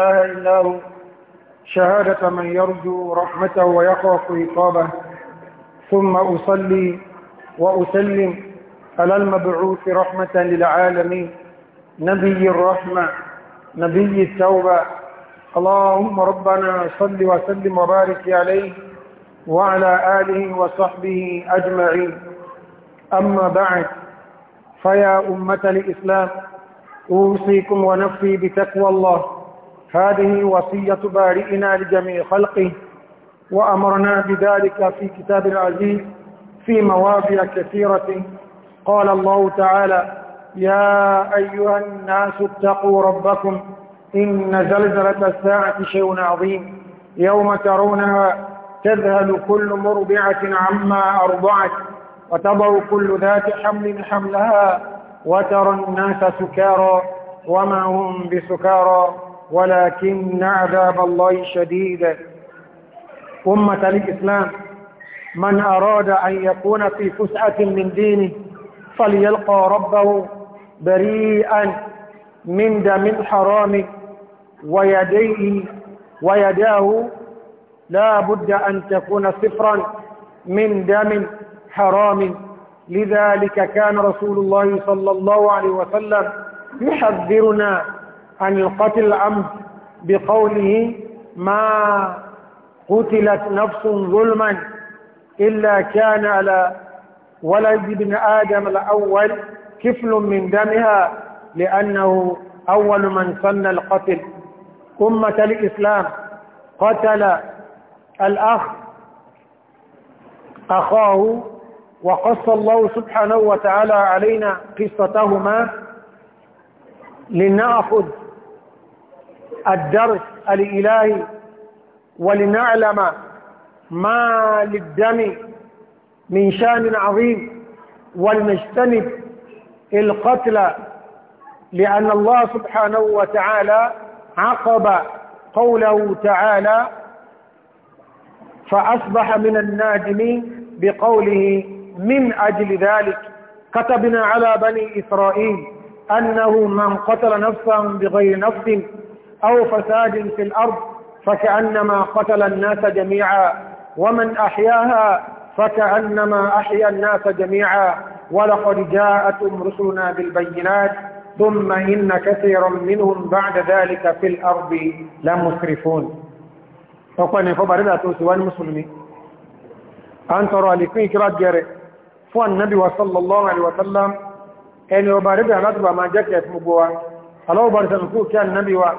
إله إلا هو شهادة من يرجو رحمته ويخاف عقابه ثم أصلي وأسلم على المبعوث رحمة للعالمين نبي الرحمة نبي التوبة اللهم ربنا صل وسلم وبارك عليه وعلى آله وصحبه أجمعين أما بعد فيا أمة الإسلام أوصيكم ونفسي بتقوى الله هذه وصية بارئنا لجميع خلقه وأمرنا بذلك في كتاب العزيز في مواضع كثيرة قال الله تعالى يا أيها الناس اتقوا ربكم إن زلزلة الساعة شيء عظيم يوم ترونها تذهل كل مربعة عما أرضعت وتضع كل ذات حمل حملها وترى الناس سكارى وما هم بسكارى ولكن عذاب الله شديد أمة الإسلام من أراد أن يكون في فسعة من دينه فليلقى ربه بريئا من دم حرام ويديه ويداه لا بد أن تكون صفرا من دم حرام لذلك كان رسول الله صلى الله عليه وسلم يحذرنا عن القتل العمد بقوله ما قتلت نفس ظلما إلا كان على ولد ابن آدم الأول كفل من دمها لأنه أول من سن القتل أمة الإسلام قتل الأخ أخاه وقص الله سبحانه وتعالى علينا قصتهما لنأخذ الدرس الإلهي ولنعلم ما للدم من شان عظيم ولنجتنب القتل لأن الله سبحانه وتعالى عقب قوله تعالى فأصبح من النادمين بقوله من أجل ذلك كتبنا على بني إسرائيل أنه من قتل نفسا بغير نفس أو فساد في الأرض فكأنما قتل الناس جميعا ومن أحياها فكأنما أحيا الناس جميعا ولقد جاءتهم رسلنا بالبينات ثم إن كثيرا منهم بعد ذلك في الأرض لمسرفون فقال نفبر لا توسوان مسلمين أنت ترى لكي كرات جاري فوان النبي صلى الله عليه وسلم أن يبارد على ما جاك يسمقوا فلو بارد الكوكي النبي وسلم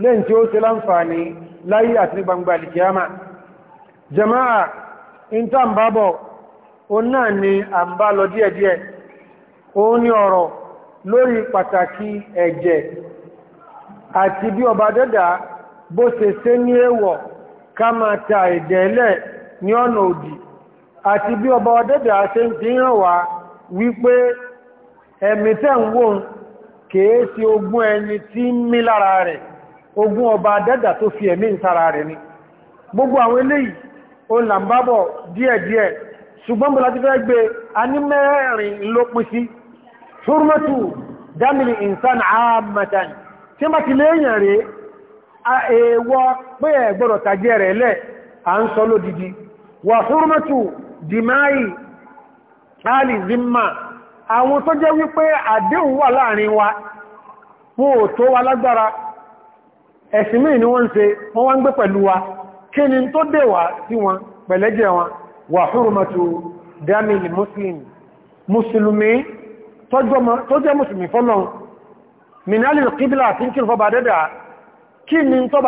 lẹ́yìn tí ó ṣe láǹfààní láyé àti ní gbangba alìkìyàmà jama'a in tá ń bá bọ̀ òun náà ni a ń bá lọ díẹ̀díẹ̀ òun ni ọ̀rọ̀ lórí pàtàkì ẹ̀jẹ̀ àti bí ọba dẹ́dà bó se ṣe ní èèwọ̀ ká máa ta ní ọ̀nà òdì àti bí ọba dẹ́dà ṣe ń fi hàn wá wípé ẹ̀mí tẹ́ ń wò kèé sí ogún ẹni tí ń mí lára rẹ̀ ogun ọba dẹ́dà tó fi ẹ̀mí ìtara rẹ̀ ni gbogbo àwọn eléyìí o là ń bábọ̀ díẹ̀díẹ̀ ṣùgbọ́n bọ́lá ti fẹ́ gbé a ní mẹ́rin dámìlì insan àmàtàn tí má ti léèyàn rẹ̀ èèwọ̀ pé ẹ̀ gbọ́dọ̀ rẹ̀ lẹ́ wa ẹ̀sìn mí ni wọ́n ṣe wọ́n wá ń gbé pẹ̀lú wa kí ni tó dé wà sí wọn pẹ̀lẹ́jẹ̀ wọn wà hurmatu damil muslim musulmi tó jẹ́ musulmi fọ́lọ́n minali kíbílà tí kí fọ́ bá dẹ́dà kí ni tó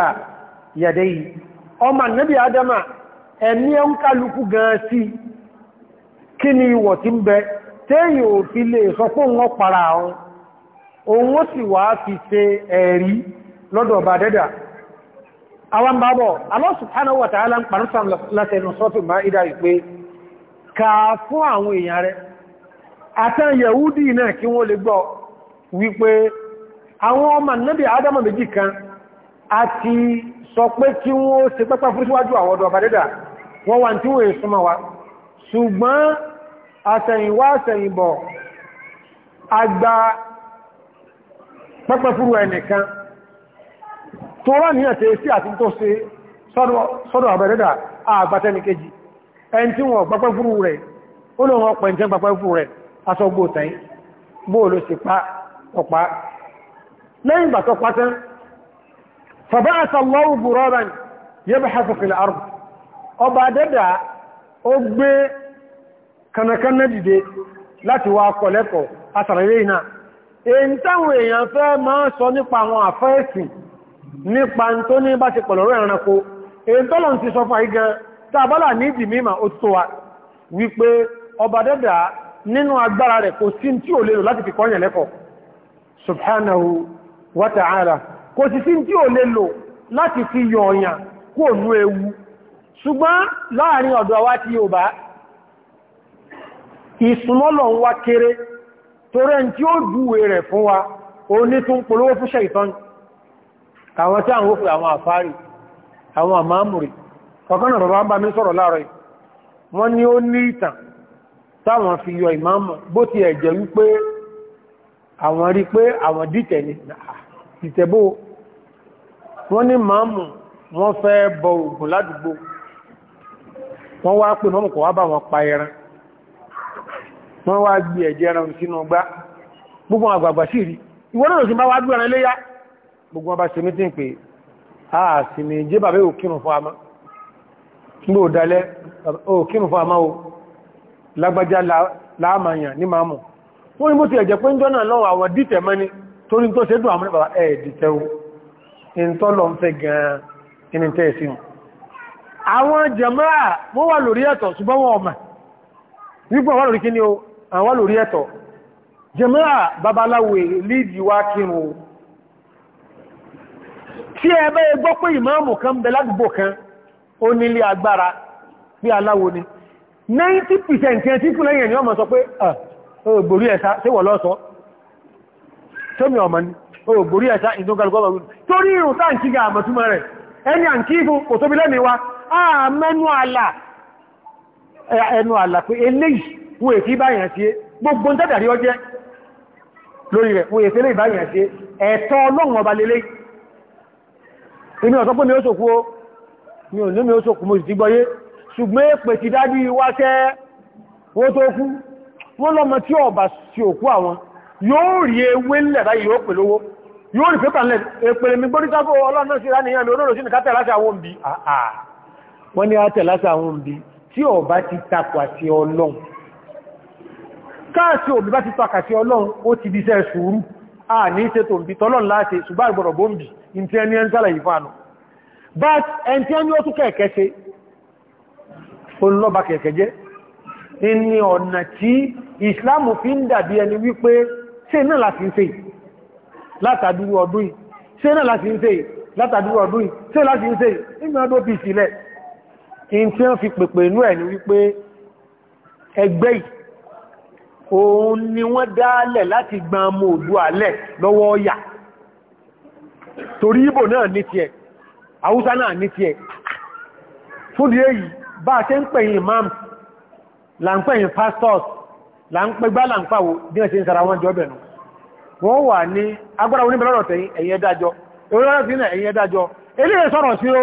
bá ọmọ nabi adama ẹ̀mí ẹ̀ ń kálukú gan sí kí ni ìwọ̀ ti ń bẹ téèyàn ò fi lè sọ pé wọ́n para ọun òun ó sì wá fi ṣe ẹ̀rí lọ́dọ̀ ọba dẹ́dà àwọn bàbọ̀ Allah subhanahu wa ta'ala ń pàrúsàn látẹnu sọ́tù ka fún àwọn èèyàn rẹ̀ adama sọ pé kí wọ́n ṣe pẹ́pẹ́ àwọn ọba wọ́n wà tí wọ́n súnmọ́ wa ṣùgbọ́n àtẹ̀yìnwá àtẹ̀yìnbọ̀ àgbà pẹ́pẹ́ fúrú ẹnìkan tó rá ní ẹ̀tẹ̀ sí àti tó ṣe sọ́dọ̀ àbẹ̀rẹ́dà àgbàtẹ́nìkejì ẹni tí wọ́n pẹ́pẹ́ fúrú rẹ̀ ó lọ wọn pẹ̀ntẹ́ pẹ́pẹ́ fúrú rẹ̀ ọba dẹ́dà ó gbé kànàkánná dìde láti wá kọ̀lẹ́kọ̀ asàrẹ̀lẹ́ iná èyí táwọn èèyàn fẹ́ máa sọ nípa àwọn àfẹ́ẹ̀sì nípa tó ní bá ti pọ̀lọ̀rọ̀ ẹranko èyí tọ́lọ̀ ti sọ fà igan tàbálà ní ó tó wa wípé ọba dẹ́dà nínú agbára rẹ̀ kò sí tí ò láti fi kọ́yàn lẹ́kọ̀ọ́ ewu ṣùgbọ́n láàrin ọ̀dọ̀ wa ti yóò bá ìsúnmọ́lọ̀ ń wá kéré torí tí ó rẹ̀ fún wa o ní tún polówó fún ṣẹ̀ìtọ́n àwọn tí àwọn òfin àwọn àfáàrí àwọn àmáàmùrì wọ́n ní àwọn ni máàmù wọ́n fẹ́ bọ ògùn wọ́n wá pè mọ́mù kọ̀ wá bá wọn pa ẹran wọ́n wá gbé ẹ̀jẹ̀ ẹran sínú gbá gbogbo àgbàgbà sí rí ìwọ́n náà sì bá wá gbẹ̀rẹ̀ léyá gbogbo ọba ṣe mítí pé a sì ní jẹ́ bàbá òkírùn fún àmá o lágbàjá láàmàyàn ní máa mọ̀ wọ́n ni bó ti ẹ̀jẹ̀ pé ń jọ́nà lọ́wọ́ àwọn dìtẹ̀ mẹ́ni torí tó ṣe dùn àmúrẹ́ bàbá ẹ̀ẹ̀dìtẹ̀ o àwọn jàmáà wọ́n wà lórí ẹ̀tọ́ ṣùgbọ́n wọn ọmọ wípọ̀ wà lórí kíní o àwọn lórí ẹ̀tọ́ jàmáà babaláwo lídì wá kírun tí ẹ bẹ́ gbọ́ pé ìmáàmù kan bẹ ládùúgbò kan ó nílé agbára bí aláwo ni 90% ẹ̀ tí kú lẹ́yìn ẹ̀ni ọmọ sọ pé ọ̀gbòrí ẹ̀sá tí ni ọ̀gbòrí ẹ̀sá ẹni à ń kò tóbi lẹ́mi wa àmẹ́nu àlà ẹnu àlà pé eléyìí wọ́n èsì báyàn sí gbogbo tẹ́dàrí ọjẹ́ lórí rẹ̀ wọ́n èsì eléyìí báyàn sí ẹ̀tọ́ ọlọ́run ọba lélé inú ọ̀sọ́ pé mi ó sòkú o mi ò ní mi ó sòkú mo sì ti gbọ́yé ṣùgbọ́n èpè ti dádí wáṣẹ́ wó tó kú wọ́n lọ́mọ tí ọba sí òkú àwọn yóò rí ewé ńlẹ̀ báyìí yóò pè lówó yóò rí pépà ńlẹ̀ èpèrè mi gbórítákó ọlọ́run náà sí ìránìyàn mi olóòrò sí nìkátẹ̀ láti àwọn òmìnir wọ́n ní àtẹ̀ láti àwọn òbí tí ó bá ti takò àti ọlọ́run káàsì òbí bá ti takò àti ọlọ́run ó ti bí iṣẹ́ sùúrù à ní iṣẹ́ tó ń bí tọ́lọ́run láti ṣùgbọ́n àgbọ̀rọ̀ bó ń bì ní ẹni ẹni sálẹ̀ yìí fánu but ẹni tí ẹni ó tún kẹ̀kẹ́ ṣe olùlọ́ba kẹ̀kẹ́ jẹ́ ní ọ̀nà tí ìsìláàmù ọdún yìí láti ń ṣe látàdúrú ọdún yìí ṣe in tí wọ́n fi pèpè inú ẹ̀ ni wípé ẹgbẹ́ yìí òun ni wọ́n dálẹ̀ láti gba ọmọ òdú alẹ̀ lọ́wọ́ ọ̀yà torí Ìbò náà ní tiẹ̀ Haúsá náà ní tiẹ̀ fún di èyí bá a ṣe ń pẹ̀yìn imams là ń pẹ̀yìn pastors là ń pẹ̀gbá là ń pàwò bí wọ́n ṣe ń sara wọn jọ bẹ̀nu wọ́n wà ní agbára oníbẹ̀lọ́rọ̀ tẹ̀yìn ẹ̀yìn ẹ̀dájọ́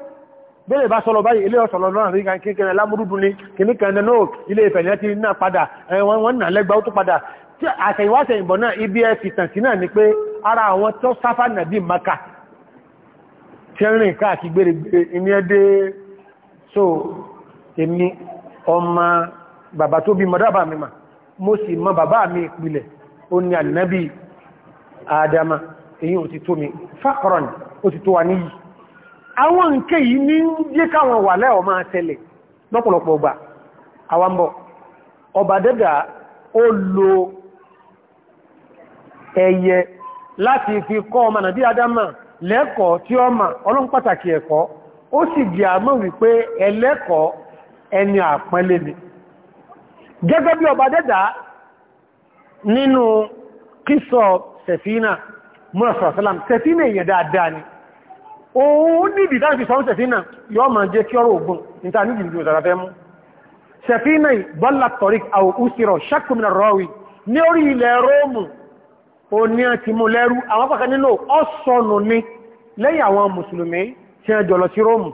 bẹ́ẹ̀ bá sọ́lọ báyìí ilé ọ̀sọ̀lọ̀ náà rí kan kíkẹrẹ lámúrúdú ni kìní kan náà ilé ìfẹ̀lẹ́ ti náà padà wọ́n náà lẹ́gbà ó tó padà tí àtẹ̀yìnwáṣẹ̀ ìbọn náà ibi ẹ fi tàn sí náà ni pé ara àwọn tó sáfà nàbí maka tí ń rìn káàkì gbèrègbè ẹdẹ́ so èmi ọmọ bàbá tó bí mọ́dábà mi mà mo sì mọ bàbá mi ìpìlẹ̀ ó ni ó ti àwọn nke yìí ní jẹ́ káwọn wà lẹ́ọ̀ máa tẹ́lẹ̀ lọ́pọ̀lọpọ̀ ọgbà àwambọ̀ ọba dẹ́dà ó lo láti fi kọ́ ọmọ nàbí adama lẹ́kọ̀ọ́ tí ó ma ọlọ́n pàtàkì ẹ̀kọ́ ó sì ẹni òun níbi dáàbì sọ́rún sẹ̀fínà yọ́ ma jẹ́ kí ọrọ̀ ogun níta níbi ìlú ìsára fẹ́ mú sẹ̀fínà bọ́lá tọ̀rík àwòkúsírọ̀ sẹ́kùnmìnà rọ́wì ní orí ilẹ̀ róòmù òní àti mú lẹ́rú àwọn pàkà nínú ọ́sọ̀nù ní lẹ́yìn àwọn mùsùlùmí tí a jọlọ sí róòmù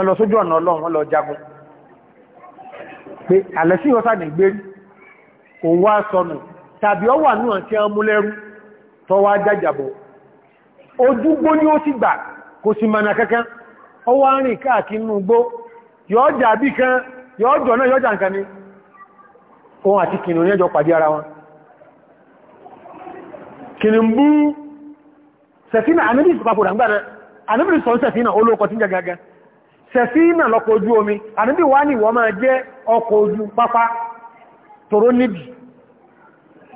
ọlọ́sójú ọ̀nà ọlọ́run ọlọ́ jagun pé àlẹ́sí ìwọ́sà ní gbé òun wá sọnù tàbí ọwà náà tí a mú lẹ́rú tọ́wọ́ ajájàbọ̀ ojúgbó ni ó ti gbà kò sì mànà kankan ó wá rìn káàkiri nínú igbó jà bí kan jọ náà jà nǹkan ni ohun àti kìnnìún ní ẹjọ pàdé ara wọn Kìnnì bú sẹ̀fínà anábì ìsìpapò dàgbàrẹ anábì sọ sẹ̀fínà tí omi wá ní máa jẹ́ ọkọ̀ ojú pápá tòró níbi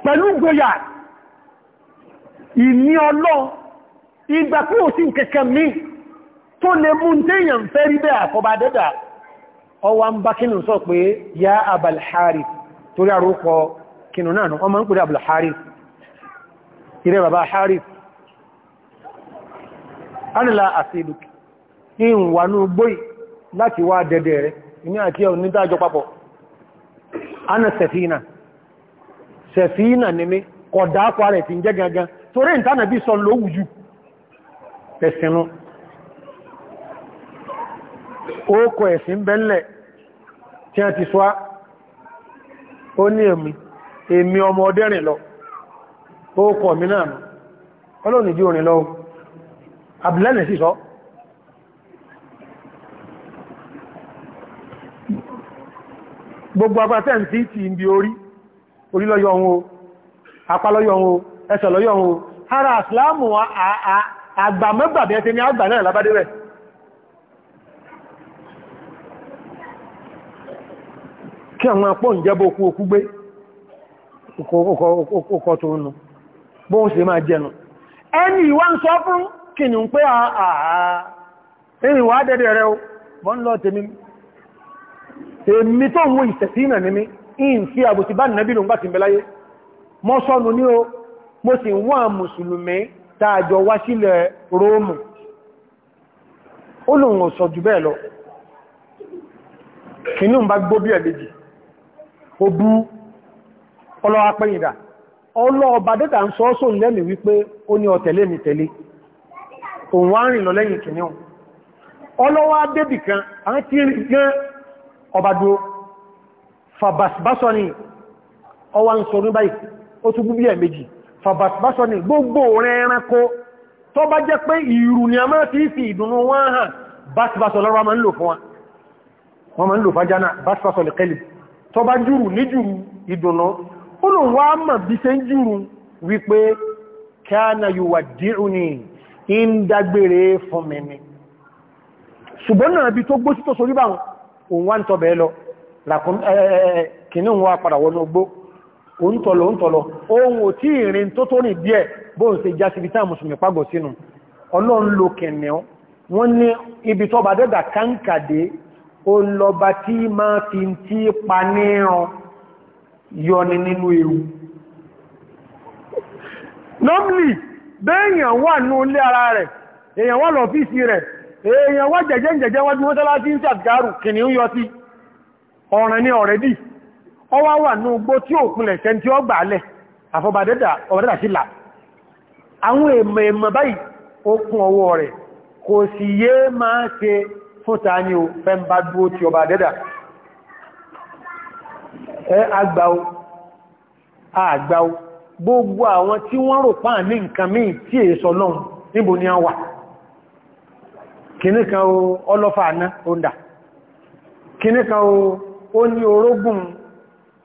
pẹ̀lú ìní ìgbà kú ò sí kẹ̀kẹ́ mi tó lè mú tẹ́yàn fẹ́ rí bẹ́ àkọba dẹ́dà ọwá ń bá kínú sọ ya Abal haris torí àrókọ kínú náà ọmọ ń pèrè Abal Harith bàbá Harith anìlá àṣìlùk ìwànú gbóì láti wá dẹ́dẹ̀ rẹ̀ ní àti ẹ̀ onídájọ́ papọ̀ ana fi gangan torí ìtànàbí sọ lówùjú Esinu, ó kọ ẹ̀sìn bẹ́lẹ̀ tí a ti ó ní ọmọ ọdẹ́rìn lọ ó kọ mi náà nù ọlọ́nà ìdí orin lọ abúlẹ́nì sí sọ gbogbo agbátẹ́ nke ti ń bí orí orí ohun o ohun o ohun àgbà mẹ́gbà bí ẹ̀ṣẹ́ ní àgbà náà lábádé rẹ̀ kí àwọn apọ́ ìjẹba okú okú gbé ọkọ̀ tó nù bó ń ṣe máa jẹnu ẹni ìwá ń sọ fún kì ní pé àà ìrìnwà dẹ́dẹ̀ rẹ̀ wọ́n lọ tèmi èmi tó ń wo ìsẹ̀sí ìnà ní mi in fi àbòsí bá nìyàbí lòun bá ti bẹ̀láyé mọ́ sọ́nu ní o mo sì wọ́n mùsùlùmí tààjọ wá sílẹ̀ róòmù ó lòun ò sọ jù bẹ́ẹ̀ lọ kìnnú bá gbóbí ẹ̀ méjì ó bú ọlọ́wà pẹ́yìndà ọlọ́ọba dẹ́ta ń sọ sóò lẹ́mì wípé ó ní ọ̀tẹ̀lé mi tẹ̀lé òun wá ń rìn lọ lẹ́yìn kìnnú ọlọ́wà débì fàbàtbáṣọ́ ni gbogbo rẹ̀ ẹranko tó bá jẹ́ pé ìrù ni a máa ti fi ìdùnnú wọ́n hàn báṣbáṣọ́ lọ́rọ̀ máa ń lò fún wa wọ́n jana ń lò fájánà báṣbáṣọ́ lè kẹ́lì tó bá jùrù ní jùrù ìdùnnú ó lò wá mà òǹtọ̀lọ̀ òǹtọ̀lọ̀ ohun ò tí ìrìn tó tó rìn díẹ̀ bóhùn sí já síbi táà mùsùlùmí pàgọ̀ sínú ọlọ́run lo kẹ̀nẹ̀ wọ́n ní ibi tọ́ba dẹ́dà káńkàdé ó lọba tí máa fi tí pa níran yọni nínú ewu normally bẹ́ẹ̀yàn wà ní ilé ara rẹ̀ èèyàn wà lọ́fíìsì rẹ̀ èèyàn wà jẹ́jẹ́ jẹ́jẹ́ wájú mọ́sálásí ń sàtgárù kìnnìún yọ sí ọ̀ràn ní ọ̀rẹ́dì ọwá wà ní ugbó tí ó pínlẹ̀ tẹ́ tí ó gbà alẹ́ àfọbàdẹ́dà sílà àwọn èmọ̀ èmọ̀ báyìí ó kún ọwọ́ rẹ̀ kò sì yé máa ṣe fún ta ní o fẹ́ ń bá dúó tí ọba dẹ́dà ẹ agbáwó agbáwó gbogbo àwọn tí wọ́n rò pàà ní nǹkan míì tí è sọ lọ́n níbo ni a wà kìníkan ọlọ́fà àná ó ń dà kìníkan ó ní orógùn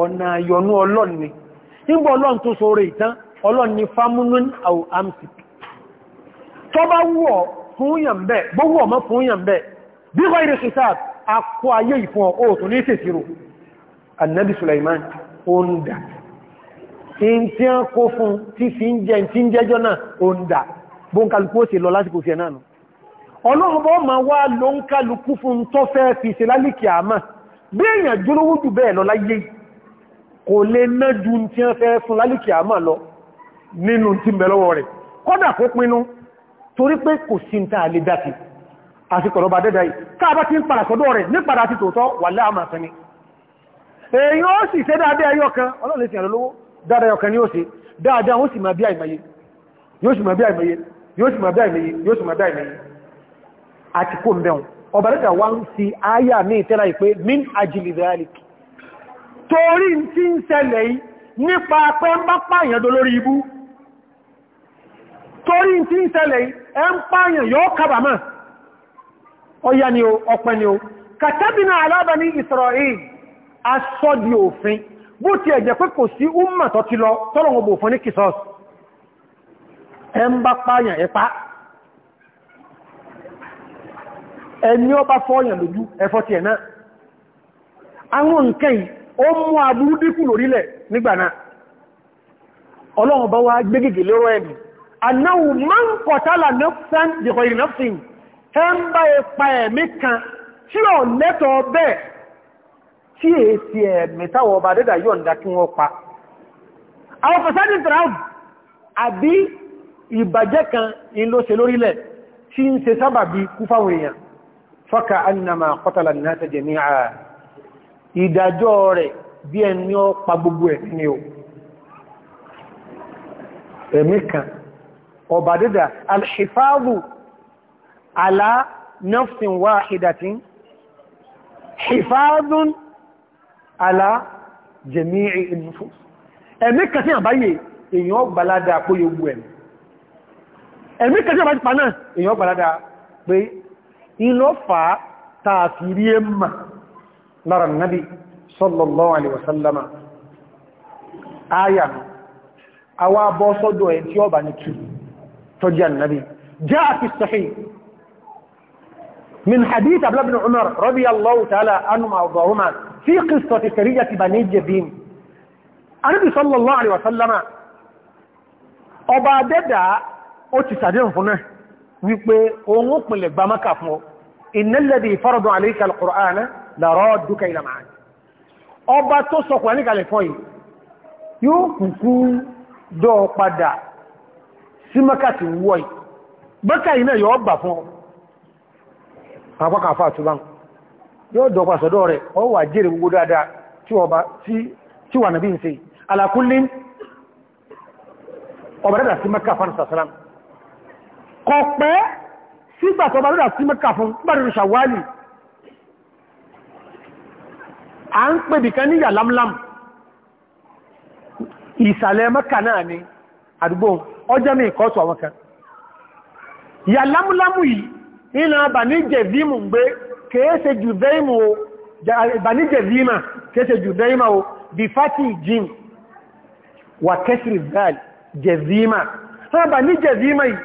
ọ̀nà àyọnú ọlọ́run ni nígbà ọlọ́run tó sọ̀rọ̀ ìtàn ọlọ́run famunun au amsik tó bá wúwọ̀ fún yàn bẹ́ gbówó ọmọ fún yàn bẹ́ bí wọ́n ìrìn ṣìṣàt akọ ayé ìfún ọ̀tọ̀ ní ìṣèṣirò annabi Sulaiman ó ń dà in tí a kó fún tí fi ń jẹ tí ń jẹjọ́ náà ó ń dà bó ń kálukú ó bí èèyàn jólówó jù bẹ́ẹ̀ lọ láyé kò lè ná ju tí wọ́n fẹ́ fún lálìkì àmà lọ nínú tí ń bẹ lọ́wọ́ rẹ̀ kọ́dà kó pinnu torí pé kò sí ń tàà lè dáti àsìkọ̀rọ̀ bá dẹ́dà yìí káàbá tí ń padà sọ́dọ̀ rẹ̀ ní padà ti tòótọ́ wà láàmà sẹ́ni èyàn ó sì ṣe dáadé ayọ́ kan ọlọ́lẹ̀ sí ni ó ṣe dáadáa ó torí tí ń ṣẹlẹ̀ yìí nípa pé ń bá pààyàn lórí ibú torí tí ń ṣẹlẹ̀ yìí ẹ ń pààyàn yóò kábàmà ọya ni o ọpẹ ni o kàtàbínà alábà ní Israel asọ́dí òfin bó ti ẹ̀jẹ̀ pé kò sí umma tó ti lọ tọ́lọ̀wọ̀n ẹni ọba fọ́ọ̀yàn lójú ẹ̀fọ́ ti ẹ̀ náà àwọn yìí ó mú aburú dínkù lórílẹ̀ nígbà ọlọ́run bá wá gbégègè lóró ẹ̀mí anáwù máa ń kọ̀tálà nafsan kan tí ò kan lórílẹ̀ tí ń ṣe sábàbí kú èèyàn fọ́ka annama kọtàlà náà tẹ́jẹ̀ ní ìdájọ́ rẹ̀ bí ẹni ọ pa gbogbo ẹ̀ ní o ẹ̀mí kan ọba dídà alhifadhu ala nafsin wahidatin hifadhun ala jami'i nufus ẹ̀mí kan sí àbáyé èyàn ọgbàládà pé yóò ẹ̀mí ẹ̀mí kan sí àbáyé pa náà èyàn ọgbàládà pé ìlọ́fà tààfìrí lára nàbí sallallahu alaihi wasallam ayà awá bọ́ sọ́dọ̀ ẹ̀ tí ọba ní tù tọ́jú ànàbí jẹ́ àti sahih من حديث عبد بن عمر رضي الله تعالى عنهما وارضاهما في قصة سرية بني جبين النبي صلى الله عليه وسلم ọba dẹ́dà ó ti sàdé fún náà wípé òun ó pìnlẹ̀ gbámákà lọ́rọ̀ dúkẹ́ ìlà máa ọba tó sọkùnrin níkàlẹ̀ fọ́ yìí yóò kùkú dọ́ padà sí mẹ́kàtí wọ́ yìí bẹ́kà iná yóò bà fún àpọ́kà fà túbá yóò dọ́pa sọ́dọ́ rẹ̀ ọ wà jẹ́rẹ̀ gbogbo dáadáa tí wà nàbí ń se alákúnlé ọba dáadáa a ń pè bìkan ní yàlámlám ìsàlẹ̀ mẹ́kà náà ni àdúgbò ọjọ́ mi ìkọ́tù àwọn kan yàlámlámù yìí iná bàníjẹ̀vímù ń gbé kèése jùdẹ́ìmù o bàníjẹ̀vímà kèése jùdẹ́ìmà o bí fati jim wà kẹsìrì dáàlì jẹ̀vímà wọ́n bàníjẹ̀vímà yìí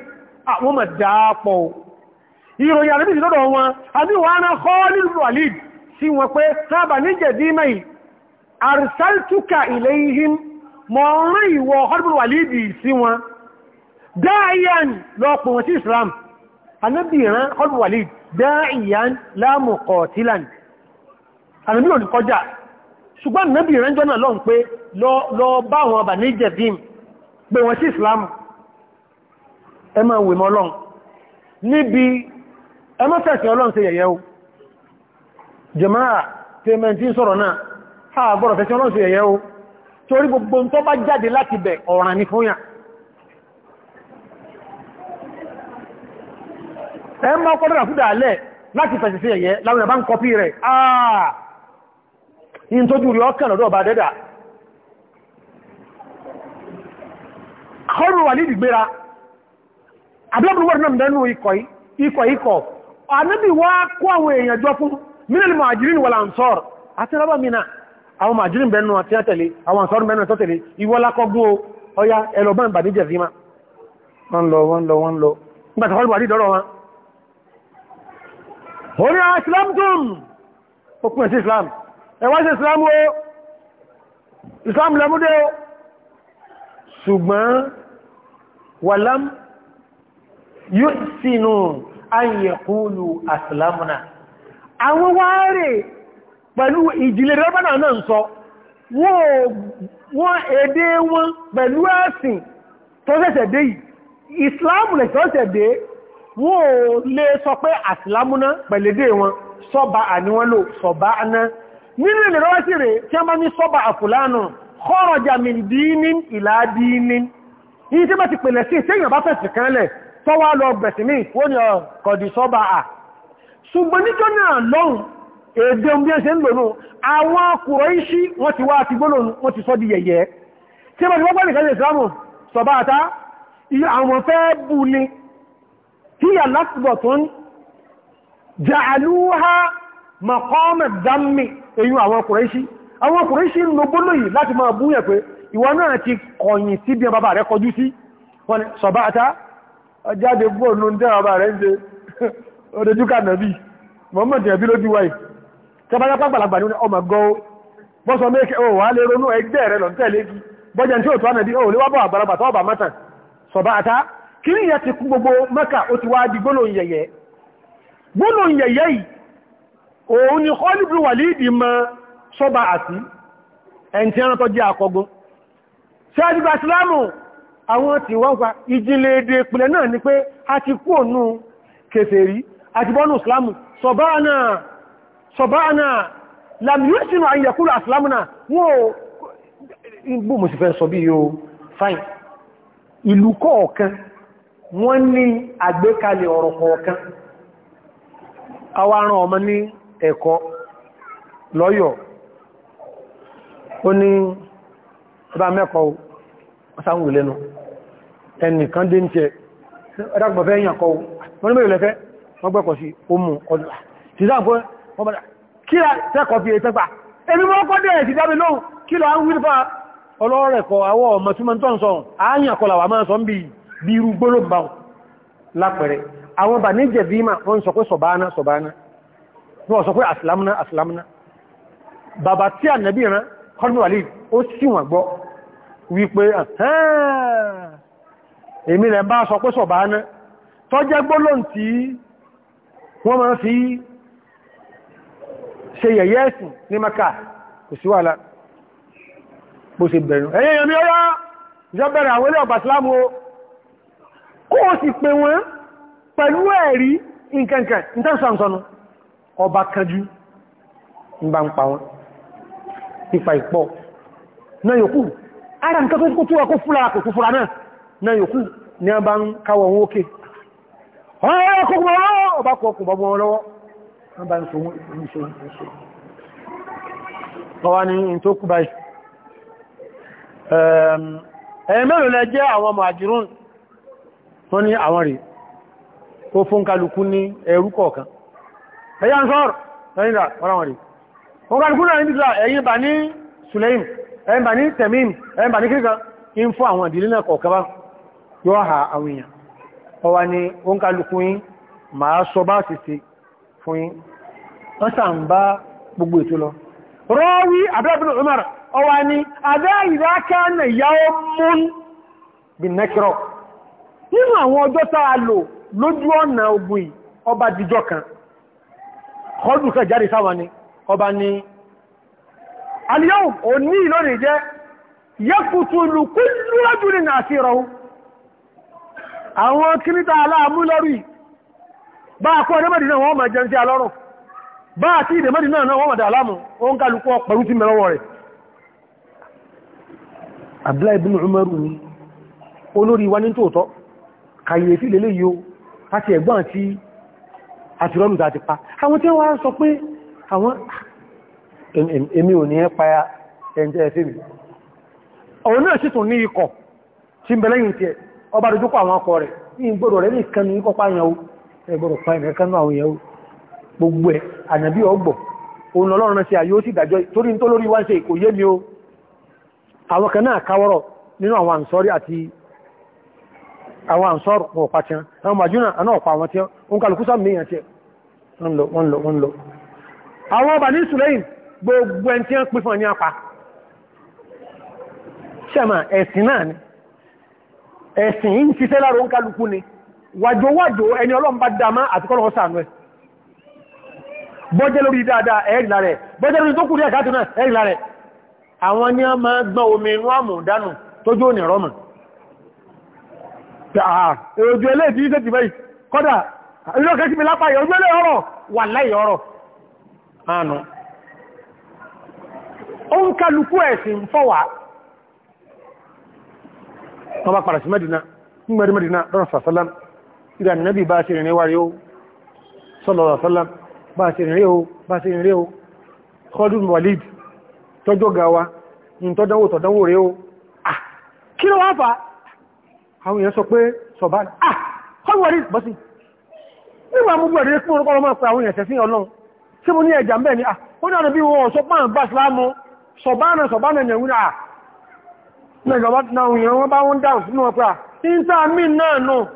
àwọn mọ̀ dáàpọ̀ ìròyìn àrẹ́bìsì lọ́dọ̀ wọn àbí wọ́n á ná kọ́ nílùú sí wọn pé tábà ní jẹ̀dímà yìí arsaltuka ilayhim mọ̀ rán ìwọ ọdún wàlídì sí wọn dáìyàn lọ́pọ̀ wọn sí islam anábì ìran ọdún wàlídì dáìyàn láàmù kọ̀tílan anábì ò ní kọjá ṣùgbọ́n nábì ìran jọ́nà lọ́n pé lọ bá wọn bà ní jẹ̀dím pé wọn sí islam ẹ máa wèmọ́ ọlọ́run níbi ẹmọ́fẹ̀ẹ́sì ọlọ́run ṣe yẹ̀yẹ́ o jẹmáà tẹ́mẹ̀ntí sọ̀rọ̀ náà ha gbọ́rọ̀ fẹ́ tí ọlọ́sù ẹ̀yẹ́ o torí gbogbo tó bá jáde láti bẹ̀ ọ̀ràn ní fún yà ẹ má kọ́dọ̀dà fúdà alẹ́ láti fẹ̀sì sí ẹ̀yẹ́ láwọn ẹ̀bá ń kọpí rẹ̀ àà in tó jùrì ọkàn lọ́dọ̀ bá dẹ́dà kọrù wà ní ìdìgbéra àbẹ́bùrúwọ̀n náà mẹ́nu ikọ̀ ikọ̀ ikọ̀ ànábì wá kó àwọn èèyàn jọ fún minal muhajirin wal ansar àti rọ́bà mina àwọn muhajirin bẹnu àti àtẹ̀lé àwọn ansar bẹnu àti àtẹ̀lé ìwọ́lákọ́gbó ọya ẹlọ́bán bà ní jẹ̀zíma wọ́n lọ wọ́n lọ wọ́n lọ nígbàtà wọ́n wà ní dọ́rọ̀ wọn orí ah, islam tum ó pín sí islam ẹwà sí islam o islam lẹ́múdé o ṣùgbọ́n wàlám yóò sínú an yaqulu aslamna àwọn wáárè pẹ̀lú ìdílé rẹ́bánà náà ń sọ wọ́n èdè wọn pẹ̀lú ẹ̀sìn tó ṣẹ̀ṣẹ̀ dé yìí ìsìláàmù lẹ̀ tó ṣẹ̀ṣẹ̀ dé wọ́n ò lè sọ pé àsìlámúná pẹ̀lédé wọn sọ́bà àníwọ́n lò sọ̀bá aná nínú ilẹ̀ rọ́wọ́ sí rẹ̀ tí a máa ní sọ́bà àfùlánù kọ́rọ̀jà min dínín ìlà dínín yìí tí bá ti pèlẹ̀ ṣùgbọ́n níjọ́ náà lọ́hùn èdè omi ẹsẹ̀ ń lòrò àwọn Kùráìṣì wọ́n ti wá àti gbọ́nà wọ́n ti sọ di yẹ̀yẹ́ tí wọ́n ti wọ́pọ̀ nìkan ìsìlámù sọ̀bá àtá àwọn fẹ́ bú ní tí yà lásìbọ̀ tó ń jàálúhá maqāma dhammi èyún àwọn Kùráìṣì àwọn Kùráìṣì ń lo odojúkà nàbí Muhammad ẹ̀bí lójú wáyé tẹ́bàjá pàgbàlagbà ní ọmọ gọ́ bọ́sọ mẹ́kẹ́ o wà lè ronú ẹgbẹ́ rẹ̀ lọ tẹ́lẹ̀ kí bọ́jẹ̀ tí ó tọ́ nàbí o lè wábọ̀ àgbàlagbà tọ́ bà mátàn sọ̀bá àtá kí ní ìyẹ́ ti kú gbogbo mẹ́kà ó ti wá di gbólóhùn yẹ̀yẹ́ gbólóhùn yẹ̀yẹ́ yìí òun ni Khalid Walid mọ sọ́bà àti ẹni tí ẹran tó jẹ́ àkọgun ṣe àdìgbà àwọn tí wọ́n pa ìjìnlẹ̀ èdè ìpìlẹ̀ náà ni pé a ti kú òun kèfèrí àti bọ́nù islamu sọ̀báànà lámìí sínú àyẹ̀kúrò islamu náà wọ́n bú mo sì fẹ́ sọ bí yóò fáìn ìlú kọ̀ọ̀kan wọ́n ní àgbékalẹ̀ ọ̀rọ̀ kọ̀ọ̀kan awaran ọmọ ní ẹ̀kọ́ lọ́yọ̀ ó ní ọba mẹ́kọ̀ọ́ ọ̀sáhùn wọ́n gbẹ́kọ̀ sí omu ọdún ṣìṣà pé wọ́n bá kí la tẹ́kọ̀ọ́ fi ètẹ́gbà èmi wọ́n kọ́ dẹ̀ ti dábì lóhun kí lọ ń wílfà ọlọ́rẹ̀kọ́ àwọ́ ọmọ tí mọ́ntọ́ sọ àáyàn kọlà wà máa sọ ń bí irú gbólóbà lápẹẹrẹ aslamna aslamna bàbá tí ànàbí ìran kọ́nù wà lè ó sì wọ́n gbọ́ wípé èmi rẹ̀ bá sọ pé sọ̀bánà tọ́jẹ́ gbólóhùn tí wọ́n máa fi ṣe yẹ̀yẹ́ ẹ̀sìn ní maka kò sí wà láà bó ṣe bẹ̀rẹ̀ ẹ̀yẹ́ yẹ̀mí ọyá ìjọbẹ̀rẹ̀ àwọn ilé ọ̀gbà sílámù o kó o sì pè wọ́n pẹ̀lú ẹ̀rí nkankan ìtẹ́sọ̀nsọ̀nù ọba kanjú ń bá ń pa wọn ipa ìpọ̀ a bá ń káwọ̀ wọn ókè ọ̀rọ̀ ọkùnkùn táwọn bá kọ kùnbọ̀ wọn lọ́wọ́ wọ́n bá ń so ń so ń so ọwá ní in tó kú báyìí ẹ̀yìn mẹ́rin lẹ jẹ́ àwọn màjírún tó ní àwọn rẹ̀ tó fún kálukú ní ẹrú kọ̀ọ̀kan ẹ̀yà ń sọ́rọ̀ ẹ̀yìn rà wọ́n àwọn rẹ̀ Sulaim ẹ̀yìn Temim ẹ̀yìn bà ní kíríkan in fún àwọn ìdílé náà kọ̀ọ̀kan bá yóò máa sọ bá fún ọ wọ́n sà ń bá gbogbo ètò lọ rọ́wí abẹ́bìnà umar ọwà ni abẹ́ ìdáká nà yàó mún bí nẹ́kìrọ̀ nínú àwọn ọjọ́ táa lò lójú ọ̀nà ogun ọba dìjọ kan kọlù jáde sáwọn ni ọba ni aliyahun òní jẹ́ yẹ́kùtù lọ́jú bá a kó ọdẹ́ mẹ́dínà wọ́n máa jẹun sí alọ́rùn bá a tí ìdè náà wọ́n máa dà láàmú ó ń ti mẹ́rọwọ́ rẹ̀ Abdullahi ibn Umaru ni olórí wa ní tòótọ́ kàyèfì pa àwọn tí sọ o mi rẹ̀ ní ìgbòrò rẹ̀ ní ìkànnì ẹgbọ́rọ̀ pa ẹ̀mẹ́ kánú àwọn èèyàn gbogbo ẹ̀ ànàbí ọgbọ̀ òun lọ́lọ́run sí ayé ó sì dájọ́ torí tó lórí wá ń ṣe kò yé mi o àwọn kan náà káwọ́rọ̀ nínú àwọn àǹsọ́rí àti àwọn àǹsọ́rù wọn pa tiẹ́ àwọn màjúnà àná ọ̀pá àwọn tiẹ́ òun kàlùkù sáà mìíràn tiẹ́ wọ́n lọ wọ́n lọ ni ẹ̀sìn yìí ń ṣiṣẹ́ láàrùn wàjòwàjò ẹni ọlọ́run bá dámá àti kọ́lọ̀ ọ̀sánú ẹ̀ bọ́jẹ́ lórí dáadáa ẹ̀rì lára ẹ̀ bọ́jẹ́ lórí tó kúrò ẹ̀kátù náà ẹ̀rì lára ẹ̀ àwọn ní a máa gbọ́n omi inú àmù dánù tó jó ní rọ́mà èròjò ilé ìdí ìdẹ́ ti bẹ́yì kọ́dà ilé ọ̀kẹ́ sí mi lápá ìrọ̀jú ilé ọ̀rọ̀ wà láì ọ̀rọ̀ àánú ó ń kálukú ẹ̀sìn fọ́wà wọ́n bá padà sí Mẹ́dínà ń ìrà nàbí bá ṣe rìnrìn wárí ó sallallahu alaihi wasallam bá ṣe rìnrìn ó bá ṣe rìnrìn ó Khalid Walid tọ́jọ́ gawa ní tọ́dánwò tọ́dánwò rẹ̀ ó ah kí ló wá fà àwọn èèyàn sọ pé sọ̀bá ah Khalid Walid bọ́sí nígbà mú bẹ̀rẹ̀ fún orúkọ ọmọ pẹ̀ àwọn èèyàn sẹ̀sìn ọlọ́run tí mo ní ẹjà mẹ́ ni ah ó dára náà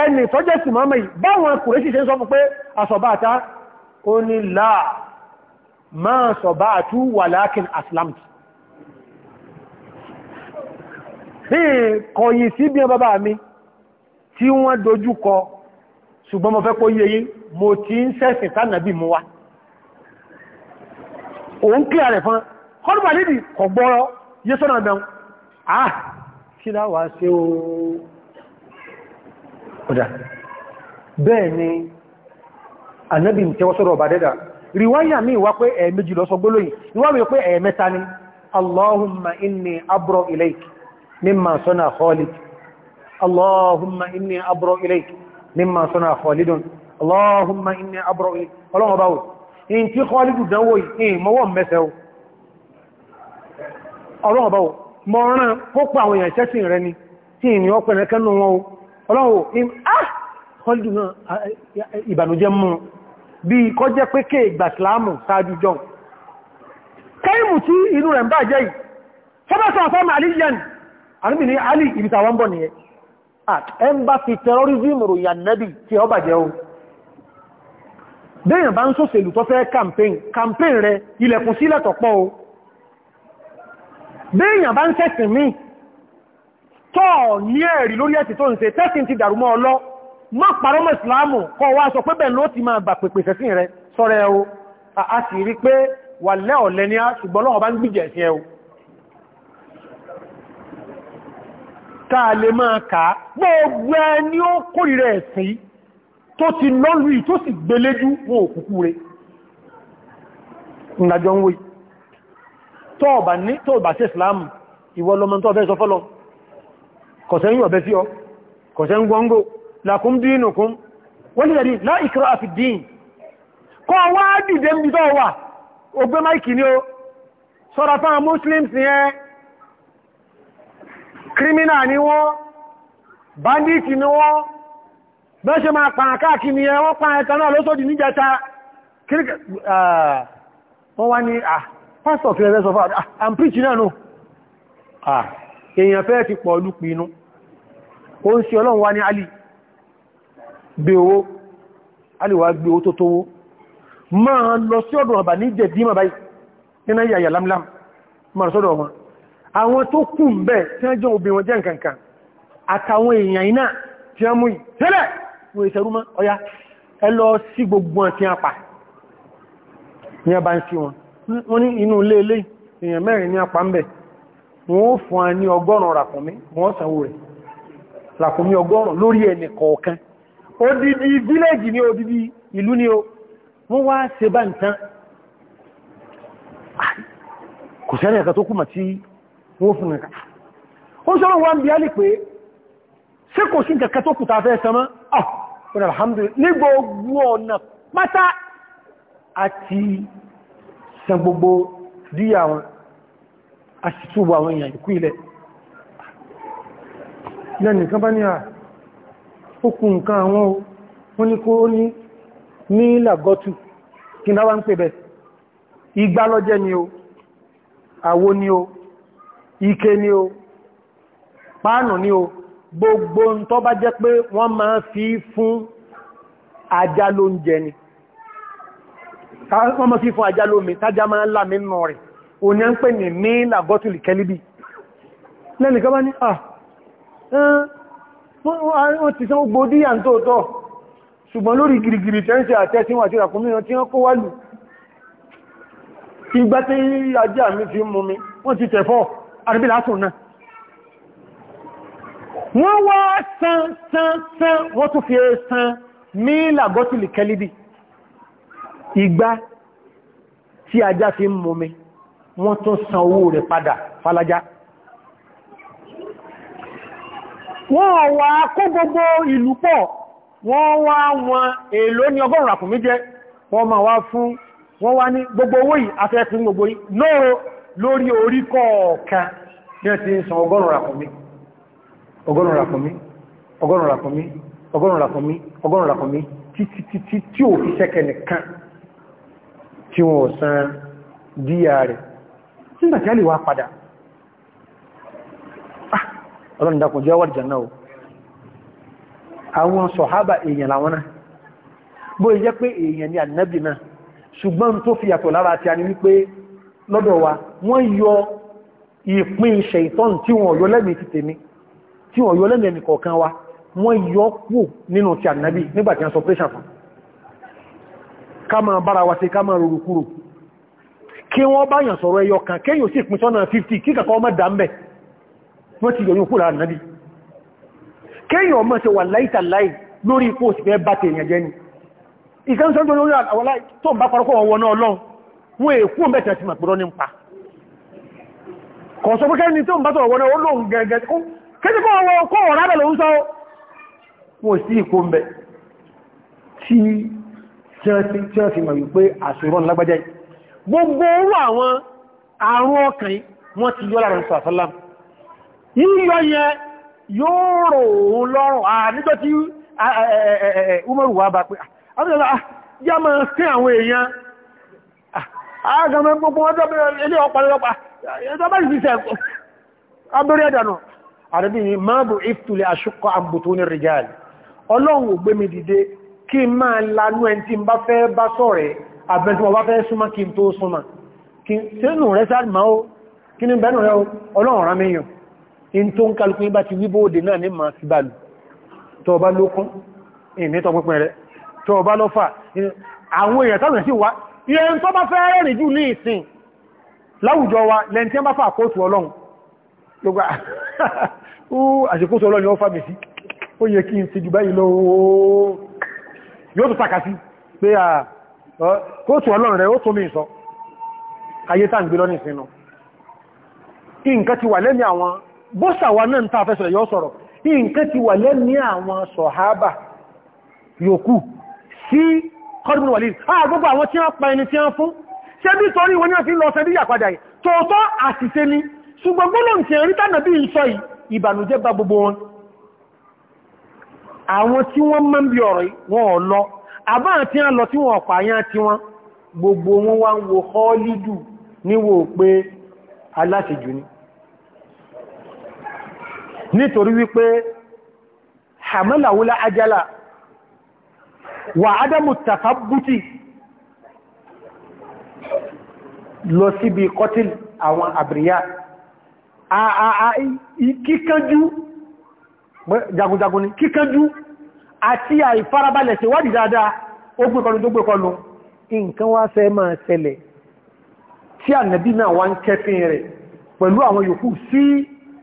ẹni tọ́jẹ́ sí máa mẹ́yìn báwọn Kùrẹ́ṣì ṣe ń sọ fún pé àsọ̀báta ó ní láà máa sọ̀bátú wà láàkín aslamti kọ̀yìn sí bí bàbá mi tí wọ́n dojú kọ ṣùgbọ́n mo fẹ́ kó yé yín mo ti ń sẹ́sìn tánàbí mú wá òun kí ààrẹ fún kọ́nùbà ah kí láwàá ọ̀dá bẹ́ẹ̀ ni anábì tẹ́ wọ́n sọ́rọ̀ ọba dẹ́dà riwaya mi wá pé ẹ̀ẹ̀mejì ló sọ gbólóyìn riwaya mi pé ẹ̀ẹ̀mẹ́ta ni allahumma inni abro ilaik mimma sọ́nà khalid allahumma inni abro ilaik mimma sọ́nà khalidun allahumma inni abro ilaik ọlọ́wọ́ báwọ̀ in tí khalid dánwò yìí mọ́wọ́ mẹ́sẹ̀ ọlọ́wọ́ báwọ̀ mọ́ràn pópa ọlọ́run ah kọlìdù náà ah, eh, eh, ìbànújẹ́ mú bí kọ́ jẹ́ pé kéè gbà sílámù sáájú john kẹ́ìmù tí inú rẹ̀ ń bá jẹ́ yìí tọ́bẹ̀sọ̀ fọ́mù aliyan alìmì ní alì ìbìta wọ́n bọ̀ nìyẹn ẹ ń bá fi terrorism ròyà nẹ́bì tí ọ o dẹ́yìn bá ń sọ́sẹ̀lù tó fẹ́ campaign campaign rẹ̀ ilẹ̀kùn sílẹ̀ o dẹ́yìn bá ń sẹ́sìn míì tọ́ ní ẹ̀rí lórí ẹ̀sì tó ń ṣe tẹ́sìn ti dàrú mọ́ ọlọ́ má parọ́ mọ́ ìsìláàmù kọ́ wá sọ pé bẹ́ẹ̀ ló ti máa bà pèpè sẹ́sìn rẹ sọ́rẹ́ o a sì rí pé wà lẹ́ ní a ṣùgbọ́n lọ́wọ́ bá ń gbìjẹ̀ sí o ká lè máa kà á gbogbo ẹ ní ó kórìíra ẹ̀sìn tó ti lọ́lù yìí tó sì gbéléjú wọn ò kúkú re ńlájọ́ ń wòye tó ọ̀bà ọ̀fẹ́ sọ kọ̀sẹ̀yìn ọ̀bẹ́ sí ọ kọ̀sẹ̀ ń gbọ́ngọ́ lakum dinukum wọ́n lè rí la ikraha fi din kọ́ wá dìde ń bí tọ́ wà ogbé máìkì ní o sọ́ra fáwọn muslims ni ẹ kírímínà ni wọ́n bandit ni wọ́n bẹ́ ṣe máa pàà káàkì ni ẹ wọ́n pàà ẹta náà lọ́sọ́dì níjẹta wọ́n ah pastor fi ẹgbẹ́ sọ fáwọn ah èèyàn fẹ́ ti pọ̀ lúpì inú ó ń ṣe ọlọ́run wá ní alì gbé owó alìwà gbé owó tó tówó máa lọ sí ọ̀dọ̀ ọ̀bà ní jẹ̀ díma báyìí nínú yàyà lámlám máa sọ́dọ̀ wọn àwọn tó kù ń bẹ̀ tí wọ́n jẹ́ obìnrin wọn jẹ́ nǹkankan àtàwọn èèyàn iná tí wọ́n mú tẹ́lẹ̀ wọ́n ìṣẹ́rú mọ́ ọya ẹ lọ sí gbogbo wọn tí wọ́n pa ní ọba ń sí wọn wọ́n ní inú ilé ilé èèyàn mẹ́rin ní apá ń bẹ̀ wọ́n fún a ní ọgọ́rùn ràkúnmí wọ́n sanwó rẹ̀ ràkúnmí ọgọ́rùn lórí ẹni kọ̀ọ̀kan odidi village ní odidi ìlú ni o wọ́n wá ṣe bá nǹkan ah, kò sẹ́rẹ̀ ẹ̀kà tó kùmà tí wọ́n fún nǹkan ó sọ́rọ̀ wọ́n bí alì pé ṣe kò sí nǹkan tó kùta fẹ́ sọmọ́ ah, alhamdulillah a àwọn èèyàn ìkú ilẹ̀ lẹ́nìkan bá ní à ókùn nǹkan àwọn wọ́n ní ní làgọ́tù kí náà wá ń pè bẹ̀ igbá lọ́jẹ́ ni o àwo ni o ike ni o páànù ni o gbogbo ń tọ́ bá jẹ́ pé wọ́n máa fi fún ajá lóúnjẹ ni wọ́n máa fi fún ajá lómi tájá máa ń lámínú rẹ̀ òní ń pè ní ní làgọ́tùlì kẹlíbì lẹ́nìkan bá ní à ah, wọ́n ti sán gbogbo díyà ń tóòtọ́ ṣùgbọ́n lórí gìrìgìrì tẹ́ǹsì àtẹ́síwọ̀n àti ìràkúnmíràn tí wọ́n kó wálù ìgbà tí ajá mi fi mú mi wọ́n ti tẹ̀fọ́ àríbí látùn náà wọ́n wá mú mi wọ́n tún san owó rẹ̀ padà falájá wọ́n wá kó gbogbo ìlú pọ̀ wọ́n wá wọn èlò ní ọgọ́rùn àpò méjẹ́ wọ́n ma wá fún wọ́n wá ní gbogbo owó yìí afẹ́fún gbogbo yìí lóòrò lórí orí kọ̀ọ̀kan ní ẹ̀ ti ń san ọgọ́rùn àpò mi ọgọ́rùn àpò mi ọgọ́rùn àpò mi ọgọ́rùn àpò mi ọgọ́rùn àpò mi títí títí tí ò fi ṣẹ́kẹ̀ nìkan tí wọ́n san díyà rẹ̀ nígbà tí a lè wá padà ah, ọlọ́run dákùn jẹ́ wọ́n jẹ́nà o àwọn sọ̀hábà èèyàn làwọn náà bó yẹ pé èèyàn ni ànábì náà ṣùgbọ́n tó fi yàtọ̀ lára ti a ní wípé lọ́dọ̀ wa wọ́n yọ ìpín iṣẹ́ ìtọ́n tí wọ́n yọ lẹ́mì ti kí wọ́n bá yàn sọ̀rọ̀ ẹyọ kan kéyàn sí ìpín sọ́nà 50 kí kàkọ́ ọmọ dámbẹ̀ wọ́n ti yọ̀yún kúrò ànábì kéyàn ọmọ ṣe wà láìtàláì lórí ipò òsì fẹ́ bá tèèyàn jẹ́ ni ìkan sọ́jọ́ lórí àwọlá tó ń bá parọ́kọ́ wọn náà lọ wọ́n èkú mẹ́ta ti màpùrọ́ ní pa kọ̀ọ̀sọ́ pẹ́kẹ́ ni tó ń bá sọ̀rọ̀ wọn náà ó lóun gẹ̀ẹ́gẹ́ kéjì kọ́ ọwọ́ kọ́ ọ̀rá bẹ̀lẹ̀ ń sọ wọ́n sí ìkó mẹ́ tí tí wọ́n fi mọ̀ wípé àṣòrọ̀ lágbájá yìí gbogbo owó àwọn àrùn ọkàn wọ́n ti yọ́ lára ìsọ̀ àsọ́lá yíyọ yẹn yóò rò òun lọ́rùn nígbà tí Umaru wà bá pé àbúrẹ́lá ah, ah, yá máa sí àwọn èèyàn agamẹ́ ah, gbogbo ọjọ́ ilé ọpàlọpàá ẹjọ́bá ìsìsẹ̀ abẹ́rẹ́ ẹ̀dànà àrẹ́bí máàbù ìfìtulẹ̀ àṣùkọ àbùtò ní rìjáàlì ọlọ́run ò gbé mi dìde kí máa lanú ẹni tí ń bá fẹ́ bá sọ̀rẹ̀ àbẹ̀tí wọ́n bá fẹ́ súnmọ́ kí n tó súnmọ́ sínú rẹ̀ sáà máa ó kí ní bẹ̀rẹ̀ ọlọ́run rán mẹ́yàn in tó ń kálukú bá ti wíbó òdè náà ní ma fi bàlù tó bá lókún ìní tọpinpin rẹ̀ tó bá lọ́fà àwọn èèyàn táwọn sí wá ìyẹn tó bá fẹ́ rẹ̀rìn jù ní ìsìn láwùjọ wa lẹ́n tí wọ́n bá fà kóòtù ọlọ́run gbogbo àṣekóòtù ọlọ́run yóò fà mí sí ó yẹ kí n ti jù báyìí lọ́wọ́ yóò tó sàkásí pé à kóòtù ọlọ́run rẹ̀ ó tó mìí sọ ayé tá ń gbé lọ́nà ìsinú nǹkan ti wà lẹ́mí àwọn bọ́sàwà náà ń tàà fẹ́sọ̀rọ̀ yóò sọ̀rọ̀ nǹkan ti wà lẹ́mí àwọn sọ̀hábà yòókù sí kọ́dùn wà lílì ah gbogbo àwọn tí wọ́n pa ẹni tí wọ́n fún ṣe bí torí wọn ni wọ́n fi lọ sẹ́dí àpadà yìí tòótọ́ àṣìṣe ni ṣùgbọ́n gbọ́nà tí ẹ̀rí tánà bí ń sọ yìí ìbànújẹ́ bá gbogbo wọn àwọn tí wọ́n mọ́ ń bí ọ̀rọ̀ wọn ò lọ àbá àti wọn lọ tí wọn ọ̀pá yán tí wọn gbogbo wọn wá ń wo họ́lídù níwò pé aláṣejù ni nítorí wípé hamalawula ajala wà ádámù tàfàbútì lọ síbi kọtíl àwọn àbìríyà àà kíkánjú jagunjagun ni kíkánjú àti àìfarabalẹ̀ sí wádìí dáadáa ó gbé kọlu tó gbé kọlu nǹkan wá fẹ́ máa ṣẹlẹ̀ tí ànàbí náà wá ń kẹfin rẹ̀ pẹ̀lú àwọn yòókù sí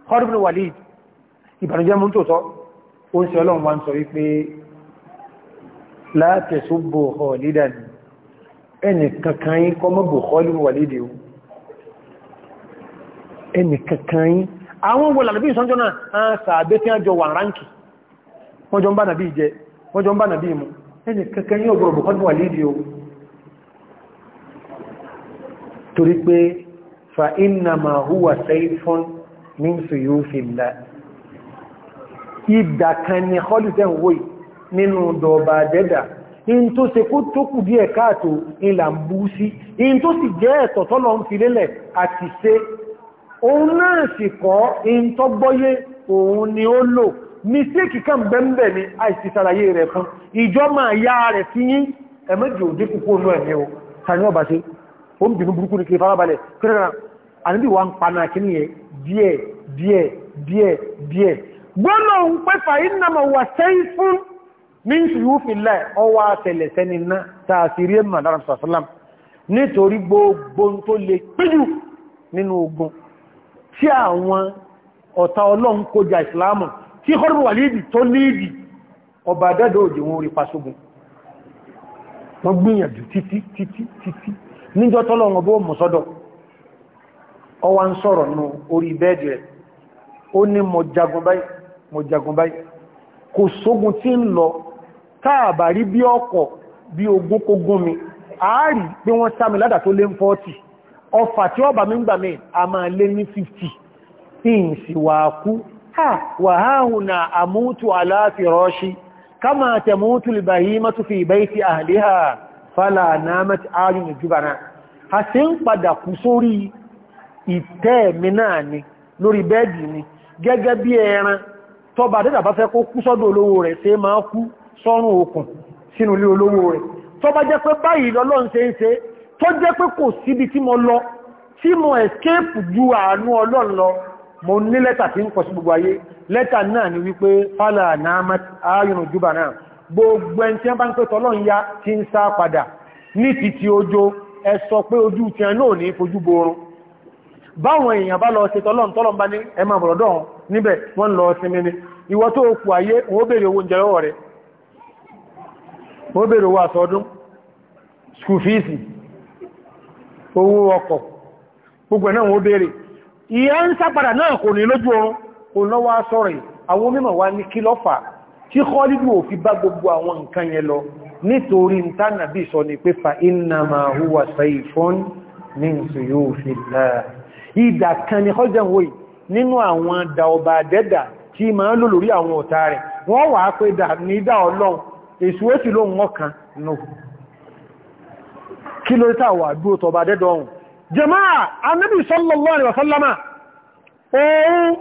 Khalid Walid ìbànújẹ́ mú tó sọ ó ń ṣe ọlọ́run wá ń la tasubbu Khalidan ẹni kankan yín kọ́ mọ́ bò Khalid Walid o ẹni kankan yín àwọn wọlànàbí ìsọ́njọ́ náà sàbẹ́ tí a jọ wà ránkì wọ́n jọ ń bá nàbí jẹ wọ́n jọ ń bá nàbí mu ẹni kankan yóò gbọ́rọ̀ bùkọ́ wà lédi o torí pé fa inna ma huwa sayfun min suyufillah ìdà kan ni holiday wòye nínú dọ̀ọ̀bà dẹ́dà in tó se kó tó kù díẹ̀ káàtò ìlà ń bú sí in òun náà sì kọ́ in tó gbọ́yé òun ni ó lò mistake kan bẹ́m̀bẹ̀ ni àìsí sàlàyé rẹ̀ fún ìjọ máa yá rẹ̀ sí yí ẹ̀mẹ́jì òdé púpọ̀ ní ẹ̀mẹ́ o tàní ọba ṣe o ń bínú burúkú ní kí farabalẹ̀ kírẹ́rà àníbí wa ń paná kí ní ẹ díẹ̀ díẹ̀ díẹ̀ díẹ̀ gbọ́nà ń pẹ́fà ìnàmà wà sẹ́yí fún ní ṣùgbọ́fìlẹ̀ ọwà tẹ̀lẹ̀sẹ́ni náà tààsìrí ẹ̀mà dára sàfàlám nítorí gbogbo tó le péjú nínú ogun tí àwọn ọ̀tá ọlọ́run kójà ìsìlámù kí họ́rùn wà léèdì tó léèdì ọba dádọ́ òjò wọn orí pasógun gbìyànjú títí títí títí níjọ́ tọ́lọ wọn mọ̀sọ́dọ̀ ọwá ń sọ̀rọ̀ ní orí bẹ́ẹ̀dì rẹ̀ ó ní jagun báyìí jagun kò tí ń lọ káàbà bí ọkọ̀ bí mi pé wọ́n ládà tó lé 40 ọfà tí وهاهنا أموت على فراشي كما تموت البهيمة في بيت أهلها فلا نامت آل الجبناء حسن قد قصوري ìtẹ́ẹ̀mìnáàni lórí bẹ́ẹ̀dì ni gẹ́gẹ́ bí ẹran tó bá dẹ́dà bá fẹ́ kó kú sọ́dọ̀ olówó rẹ̀ ṣe máa kú sọ́rùn okùn sínú ilé olówó rẹ̀ tó bá jẹ́ pé báyìí lọ́lọ́n ṣe ń ṣe tó jẹ́ pé kò síbi mo lọ tí mo escape ju àánú ọlọ́run lọ mo ní lẹ́tà tí ń kọ sí gbogbo ayé lẹ́tà náà ni wípé fàlà náà ayùnù jùbà náà gbogbo ẹn tí wọ́n bá ń ya ti ń sá padà ní ti ti ojo pé ojú ti ẹ náà ní fojú borun báwọn èèyàn bá lọ tọ́lọ́n bá ní ẹmà bọ̀rọ̀dọ́ níbẹ̀ wọ́n lọ sí mímí tó kù ayé wọ́n bèèrè owó gbogbo náà wọ́n bèèrè ìyá ń sápadà náà kò ní lójú oorun kò lọ́wọ́ sọ́rọ̀ àwọn onímọ̀ wá ní kí lọ́fà tí kọ́lídù ò fi bá gbogbo àwọn nǹkan yẹn lọ nítorí tánàbí sọ ni pé fa innama huwa sayfun min suyufillah ìdà kan ni kọ́jẹ̀wòyí nínú àwọn dà ọba ní dà jama'a annabi sallallahu alaihi wasallama ohun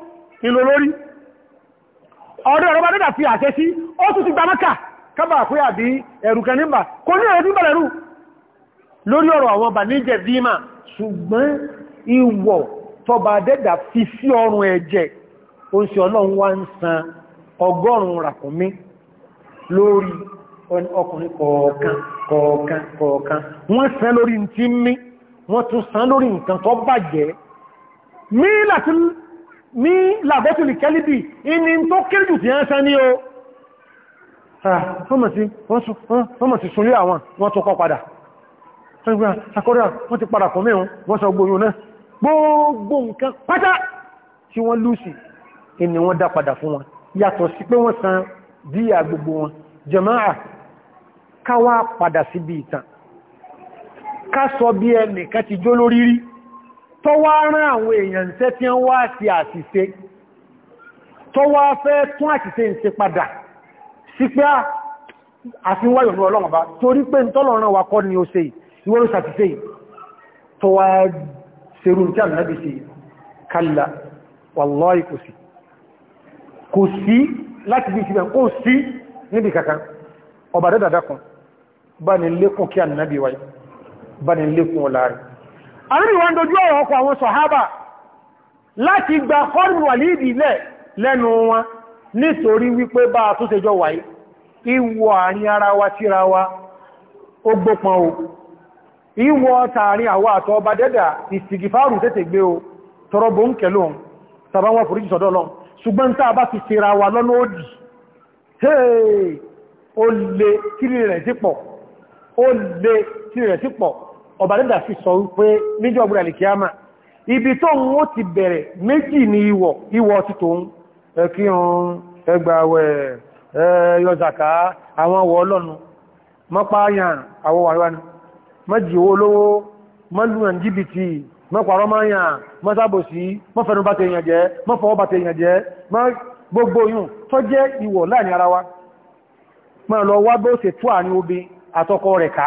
ìlò lórí ọ̀rọ̀ ọ̀rọ̀ bá fi àṣẹ sí ó tún ti gba maka kábà pé àbí ẹ̀rù kan nígbà kò ní ẹ̀rù nígbà lẹ́rù lórí ọ̀rọ̀ àwọn bà ní jẹ̀díma ṣùgbọ́n ìwọ̀ tọba dẹ́dà fi sí ọrùn ẹ̀jẹ̀ oúnṣe ọlọ́run wá ń san ọgọ́rùn wọ́n tún san lórí nǹkan tó bàjẹ́ ní làbọ́tùlì kẹ́lìbì inú tó kéré jù tí a ń sá ní o wọ́n sì súnlé àwọn wọ́n tó kọ́ padà akọ́dá wọ́n ti padà kọ́ mẹ́rún wọ́n sọ gbogbo náà gbogbo nǹkan pátá tí wọ́n lúsì ẹni wọ́n dá padà fún wọn yàtọ̀ sí pé wọ́n san díyà gbogbo wọn jàmáà káwàá padà sí bí ìtàn ká sọ bí ẹnìkan ti jó lórí rí tó wá rán àwọn èèyàn ń ṣẹ́ tí wọ́n wá sí àṣìṣe tó wá fẹ́ tún àṣìṣe ń ṣe padà sí pé àfihàn ọlọ́run bá torí pé tọ́lọ̀rán wa kọ́ ni ó ṣe ìwọ́n ṣàṣìṣe tó wá serú tí ànábì ṣe kalla wallahi kò sí kò sí láti bí ìṣẹ́bẹ̀ kò sí níbi kankan ọba dẹ́dàdá kan bá ní lékùn kí ànábì wáyé bani lékún ọlá rẹ̀ àrírí wọn dojú ọ̀rọ̀ ọkọ̀ àwọn sọ̀hábà láti gba kọ́nù wàlídì ilẹ̀ lẹ́nu wọn nítorí wípé bá a tó ṣe jọ wáyé ìwọ àárín ara wa síra wa ó gbópọn o ìwọ tààrin àwọn àtọ ọba dẹ́dà ìsìgìfàárù tètè gbé o tọrọ bó ń kẹlò ohun tàbá wọn forí jùsọ̀dọ́ lọ ṣùgbọ́n tá a bá fi ṣera wa lọ́nà òdì ó lè kí rẹ̀ sí pọ̀ ọba dẹ́dà fi sọ wípé níjọ́ ọgbẹ̀rẹ̀ alìkíyàmà ibi tó ń wó ti bẹ̀rẹ̀ méjì ní ìwọ̀ ìwọ̀ ti tó ń ẹkírun ẹgbàwẹ̀ ẹyọzàká àwọn ọwọ̀ ọlọ́nu mọ́páyàn àwọ̀ wàríwáni mọ́jì owó olówó mọ́lùmọ̀ jìbìtì mọ́pàrọ́ máyàn mọ́sábòsí mọ́fẹ́nu bá tèèyàn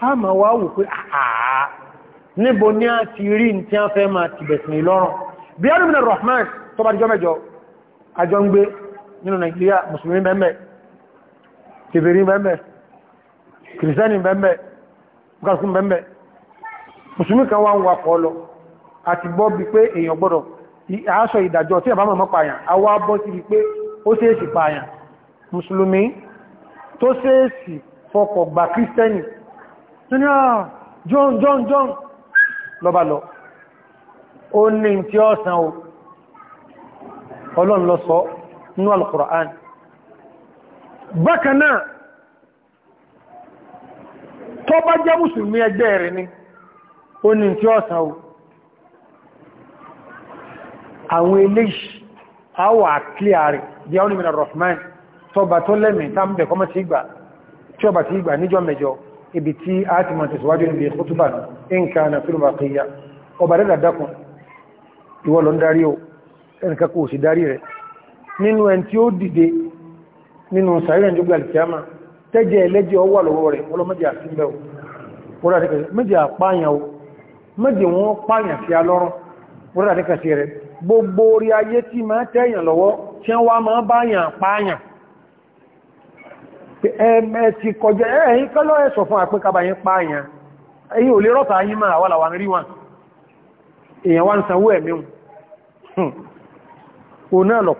a máa wá wò pé àà níbo ní a ti rí ní tí a fẹ́ máa ti bẹ̀sìn lọ́rùn bí ẹrù mìíràn Rahman tó bá díjọ́ mẹ́jọ àjọ ń gbé nínú Nàìjíríà mùsùlùmí bẹ́ẹ̀mẹ́ kèfèrí bẹ́ẹ̀mẹ́ kìrìsẹ́nì bẹ́ẹ̀mẹ́ bukasùn bẹ́ẹ̀mẹ́ mùsùlùmí kan wá ń wà kọ́ lọ àti gbọ́ bí pé èèyàn gbọ́dọ̀ aṣọ ìdàjọ́ tí àbámọ̀ mọ́ pààyàn a wá bọ́ sí wípé ó ṣeéṣì pààyàn mùsùlùmí tó ṣeéṣì fọkọ̀ gbà kírísítẹ́nì tó ní àà john john john lọ́bà lọ ó ní tí ó san o ọlọ́n lọ sọ ní al-Qur'an bákanáà tó bá jẹ́ mùsùlùmí ẹgbẹ́ rẹ̀ ni ó ní tí ó san o àwọn eléyìí àwọ̀ àkíyàrí bí i ìmìnà Rahman tọba tó lẹ́mìí tàbí kọmọ sí ìgbà tí ọba ti ìgbà níjọ́ mẹ́jọ ibi tí a ti mọ̀ tẹ̀síwájú níbi ìkútùbà nǹkan na fílùmù àkíyà ọba rẹ̀ dàdákun ìwọ lọ ń darí o ẹnìkan kò sì darí rẹ̀ nínú ẹni tí ó dìde nínú sàírẹ̀ nígbà alìkíyàmà tẹ́jẹ́ ẹlẹ́jẹ́ ọwà lọ́wọ́ rẹ̀ ọlọ́mọdé àfíbẹ̀ o wọ́n méjì àpáyàn o méjì wọ́n pààyàn sí alọ́rùn wọ́n rẹ̀ ẹ̀mẹ́ ti kọjá ẹ̀yìn kọ́lọ́ ẹ̀sọ̀ fún àpínkaba yín pààyàn ẹ̀yìn ò lè rọ́ta yín máa wà láwọn rí wọn èèyàn wá ń sanwó ẹ̀míun hmm. o náà lọ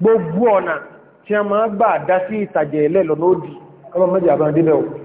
gbogbo ọ̀nà tí a máa gbà dá sí ìtàjẹ̀ ilẹ̀ lọ lóòdì ọmọ mẹ́jọ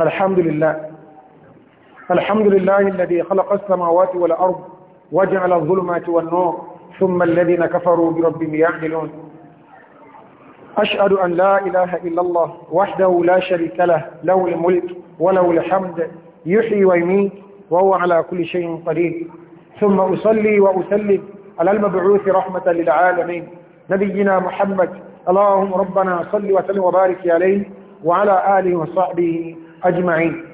الحمد لله الحمد لله الذي خلق السماوات والأرض وجعل الظلمات والنور ثم الذين كفروا بربهم يعدلون أشهد أن لا إله إلا الله وحده لا شريك له له الملك وله الحمد يحيي ويميت وهو على كل شيء قدير ثم أصلي وأسلم على المبعوث رحمة للعالمين نبينا محمد اللهم ربنا صل وسلم وبارك عليه وعلى آله وصحبه أجمعين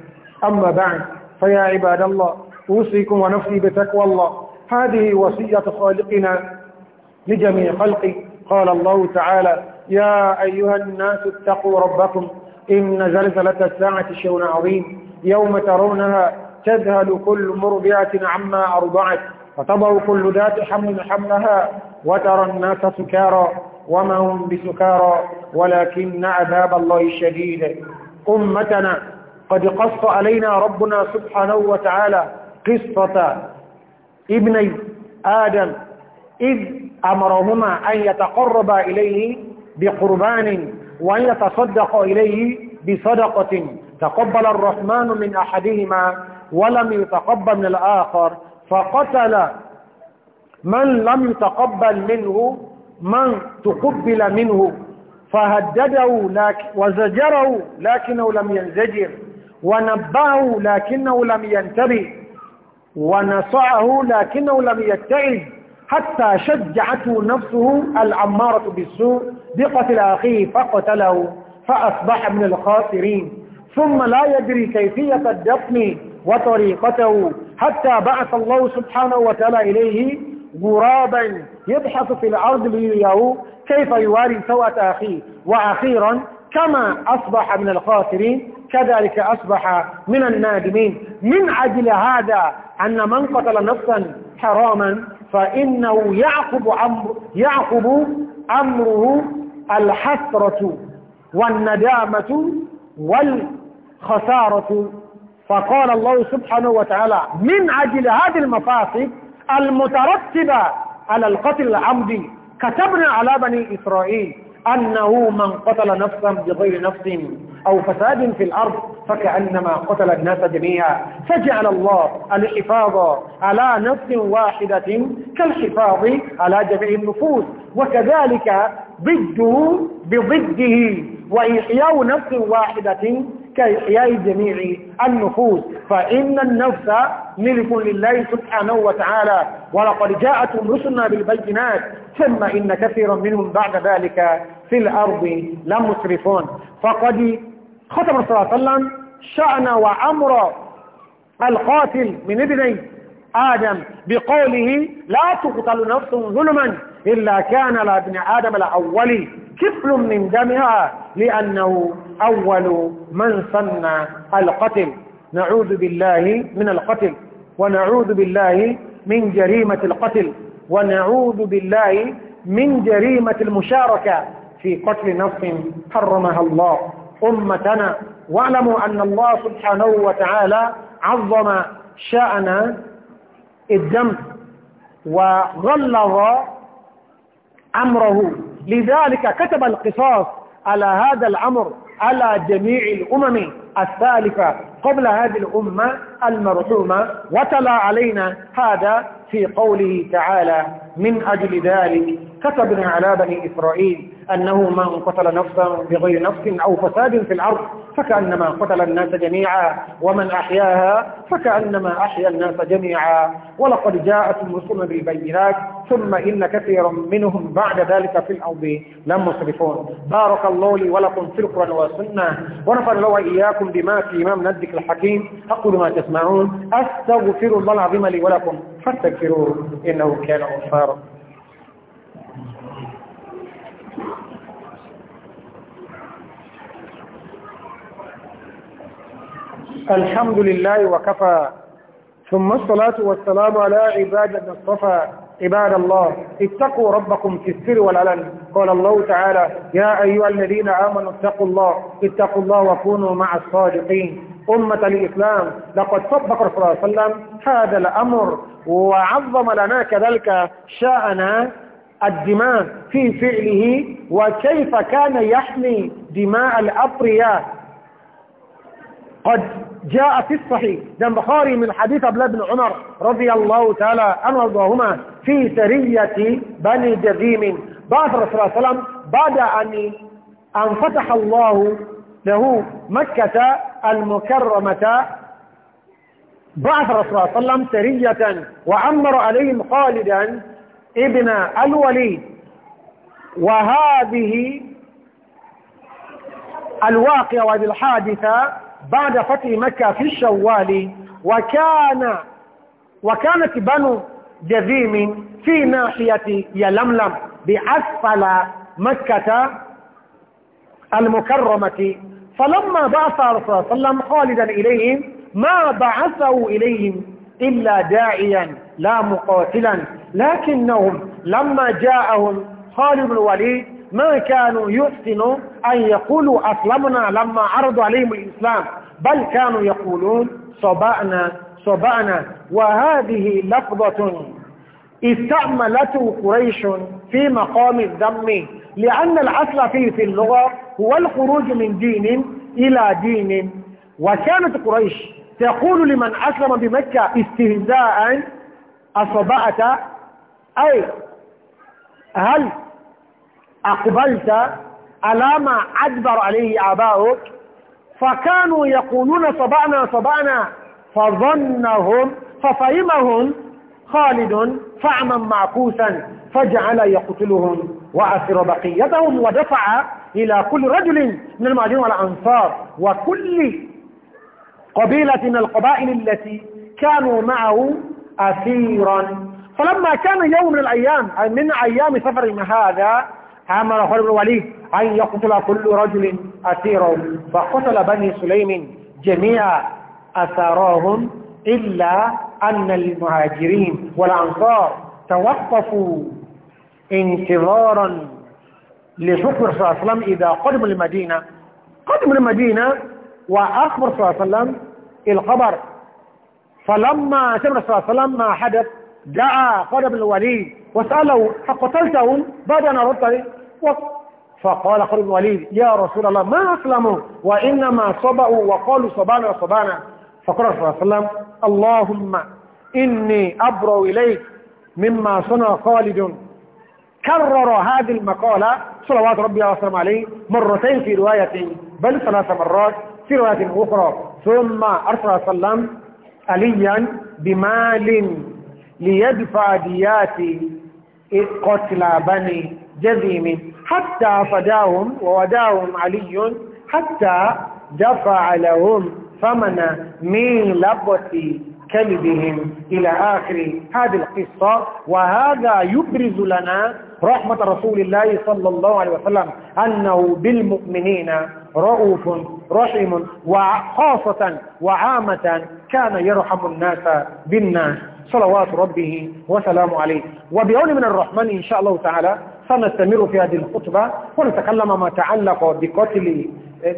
أما بعد فيا عباد الله أوصيكم ونفسي بتقوى الله هذه وصية خالقنا لجميع خلقه قال الله تعالى يا أيها الناس اتقوا ربكم إن زلزلة الساعة شيء عظيم يوم ترونها تذهل كل مربعة عما أرضعت وتضع كل ذات حمل حملها وترى الناس سكارى وما هم بسكارى ولكن عذاب الله شديد أمتنا قد قص علينا ربنا سبحانه وتعالى قصة ابني آدم إذ أمرهما أن يتقربا إليه بقربان وأن يتصدق إليه بصدقة تقبل الرحمن من أحدهما ولم يتقبل من الآخر فقتل من لم يتقبل منه من تقبل منه فهدده لكن وزجره لكنه لم ينزجر ونبهه لكنه لم ينتبه ونصعه لكنه لم يتعد حتى شجعته نفسه العمارة بالسوء بقتل أخيه فقتله فأصبح من الخاسرين ثم لا يدري كيفية الدفن وطريقته حتى بعث الله سبحانه وتعالى إليه غرابا يبحث في الأرض ليريه كيف يواري سوءة أخيه وأخيرا كما أصبح من الخاسرين كذلك أصبح من النادمين من أجل هذا أن من قتل نفسا حراما فإنه يعقب, أمر يعقب أمره الحسرة والندامة والخسارة فقال الله سبحانه وتعالى من أجل هذه المفاسد المترتبة على القتل العمدي كتبنا على بني إسرائيل أنه من قتل نفسا بغير نفس أو فساد في الأرض فكأنما قتل الناس جميعا فجعل الله الحفاظ على نفس واحدة كالحفاظ على جميع النفوس وكذلك ضده بضده وإحياء نفس واحدة كإحياء جميع النفوس فإن النفس ملك لله سبحانه وتعالى ولقد جاءتهم رسلنا بالبينات ثم إن كثيرا منهم بعد ذلك في الأرض لمسرفون فقد ختم صلى الله عليه وسلم شأن وأمر القاتل من ابني آدم بقوله لا تقتل نفس ظلما إلا كان لابن آدم الأولي كفل من دمها لأنه أول من صنع القتل نعوذ بالله من القتل ونعوذ بالله من جريمة القتل ونعوذ بالله من جريمة المشاركة في قتل نفس حرمها الله أمتنا واعلموا أن الله سبحانه وتعالى عظم شأن الدم وغلظ أمره لذلك كتب القصاص على هذا الأمر على جميع الأمم الثالثة قبل هذه الأمة المرحومة وتلا علينا هذا في قوله تعالى من أجل ذلك كتبنا على بني إسرائيل أنه من قتل نفسا بغير نفس أو فساد في الأرض فكأنما قتل الناس جميعا ومن أحياها فكأنما أحيا الناس جميعا ولقد جاءت المسلم بالبينات ثم إن كثيرا منهم بعد ذلك في الأرض لمسرفون بارك الله لي ولكم في القرآن والسنة ونفر الله وإياكم بما في إمام ندك الحكيم أقول ما تسمعون أستغفر الله العظيم لي ولكم فارتكروا إنه كان غفارا الحمد لله وكفى ثم الصلاة والسلام على عباد اصطفى عباد الله اتقوا ربكم في السر والعلن قال الله تعالى يا أيها الذين آمنوا اتقوا الله اتقوا الله وكونوا مع الصادقين أمة الإسلام لقد صدق رسول الله صلى الله عليه وسلم هذا الأمر وعظم لنا كذلك شأن الدماء في فعله وكيف كان يحمي دماء الأبرياء قد جاء في الصحيح جنب من حديث أبلا بن عمر رضي الله تعالى عنه وارضاهما في سرية بني جذيم رسول الرسول صلى الله عليه وسلم بعد أن أنفتح الله له مكة المكرمة بعث رسول الله صلى الله عليه وسلم سرية وعمر عليهم خالدا ابن الوليد وهذه الواقعة وهذه الحادثة بعد فتح مكة في الشوال وكان وكانت بنو جذيم في ناحية يلملم بأسفل مكة المكرمة فلما بعث رسول الله صلى الله عليه وسلم خالدا إليهم ما بعثه إليهم إلا داعيا لا مقاتلا لكنهم لما جاءهم خالد بن الوليد ما كانوا يحسنوا أن يقولوا أسلمنا لما عرضوا عليهم الإسلام بل كانوا يقولون صبأنا صبأنا وهذه لفظة استعملته قريش في مقام الذم لأن الأصل فيه في اللغة هو الخروج من دين إلى دين وكانت قريش تقول لمن أسلم بمكة استهزاء أصبعت أي هل أقبلت على ما أدبر عليه آباؤك فكانوا يقولون صبعنا صبعنا فظنهم ففهمهم خالد فعما معكوسا فجعل يقتلهم وأسر بقيتهم ودفع إلى كل رجل من المهاجرين والأنصار وكل قبيلة من القبائل التي كانوا معه أسيرا فلما كان يوم من الأيام من أيام سفر هذا أمر خالد بن الوليد أن يقتل كل رجل أسيرا فقتل بني سليم جميع أثارهم إلا أن المهاجرين والأنصار توقفوا انتظارا لحكم صلى الله عليه وسلم إذا قدم المدينة قدم المدينة وأخبر صلى الله عليه وسلم الخبر فلما سمر صلى الله عليه وسلم ما حدث جاء قرب الوليد وسأله فقتلتهم بعد أن أردت فقال قرب الوليد يا رسول الله ما أسلموا وإنما صبعوا وقالوا صبانا صبانا فقال صلى الله عليه وسلم اللهم إني أبرو إليك مما صنع خالد كرر هذه المقالة صلوات ربي وسلم عليه مرتين في رواية بل ثلاث مرات في رواية أخرى ثم أرسل صلى الله عليه وسلم عليا بمال ليدفع ديات قتل بني جذيم حتى فداهم ووداهم علي حتى دفع لهم ثمن من لبة كلبهم إلى آخر هذه القصة وهذا يبرز لنا رحمة رسول الله صلى الله عليه وسلم أنه بالمؤمنين رؤوف رحيم وخاصة وعامة كان يرحم الناس بالناس صلوات ربه وسلام عليه وبعون من الرحمن إن شاء الله تعالى سنستمر في هذه الخطبة ونتكلم ما تعلق بقتل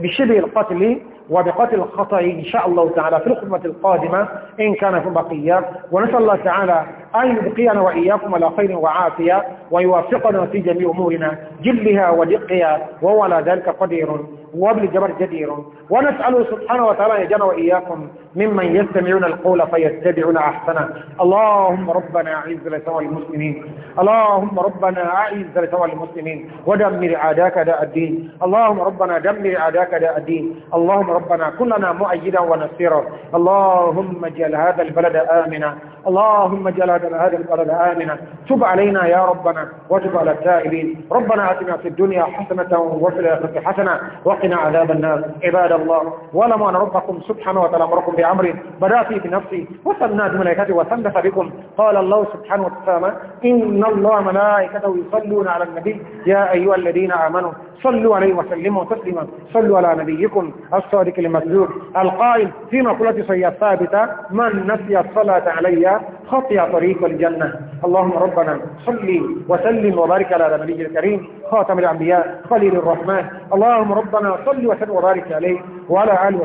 بشبه القتل وبقتل الخطأ إن شاء الله تعالى في الخدمة القادمة إن كان في بقية ونسأل الله تعالى أن يبقينا وإياكم على خير وعافية ويوفقنا في جميع أمورنا جلها ودقها وهو على ذلك قدير وبالجبر جدير ونسأله سبحانه وتعالى يجعلنا وإياكم ممن يستمعون القول فيتبعون أحسنه اللهم ربنا أعز لسوى المسلمين اللهم ربنا أعز لسوى المسلمين ودمر عداك داء الدين اللهم ربنا دمر عداك داء الدين اللهم ربنا كلنا مؤيدا ونصيرا اللهم اجعل هذا البلد آمنا اللهم اجعل هذا البلد آمنا تب علينا يا ربنا وتب على التائبين ربنا اتنا في الدنيا حسنة وفي الآخرة حسنة وقنا عذاب الناس عباد الله ولم أن ربكم سبحانه وتعالى أمركم بأمر بدا في بنفسي وسنى بملائكته وسندف بكم قال الله سبحانه وتعالى إن الله ملائكته يصلون على النبي يا أيها الذين آمنوا صلوا عليه وسلموا تسليما صلوا على نبيكم الصلاة الصادق المسجود القائل في مقولة صحية ثابتة من نسي الصلاة علي خطي طريق الجنة اللهم ربنا صلي وسلم وبارك على النبي الكريم خاتم الأنبياء خليل الرحمن اللهم ربنا صلي وسلم وبارك عليه وعلى آله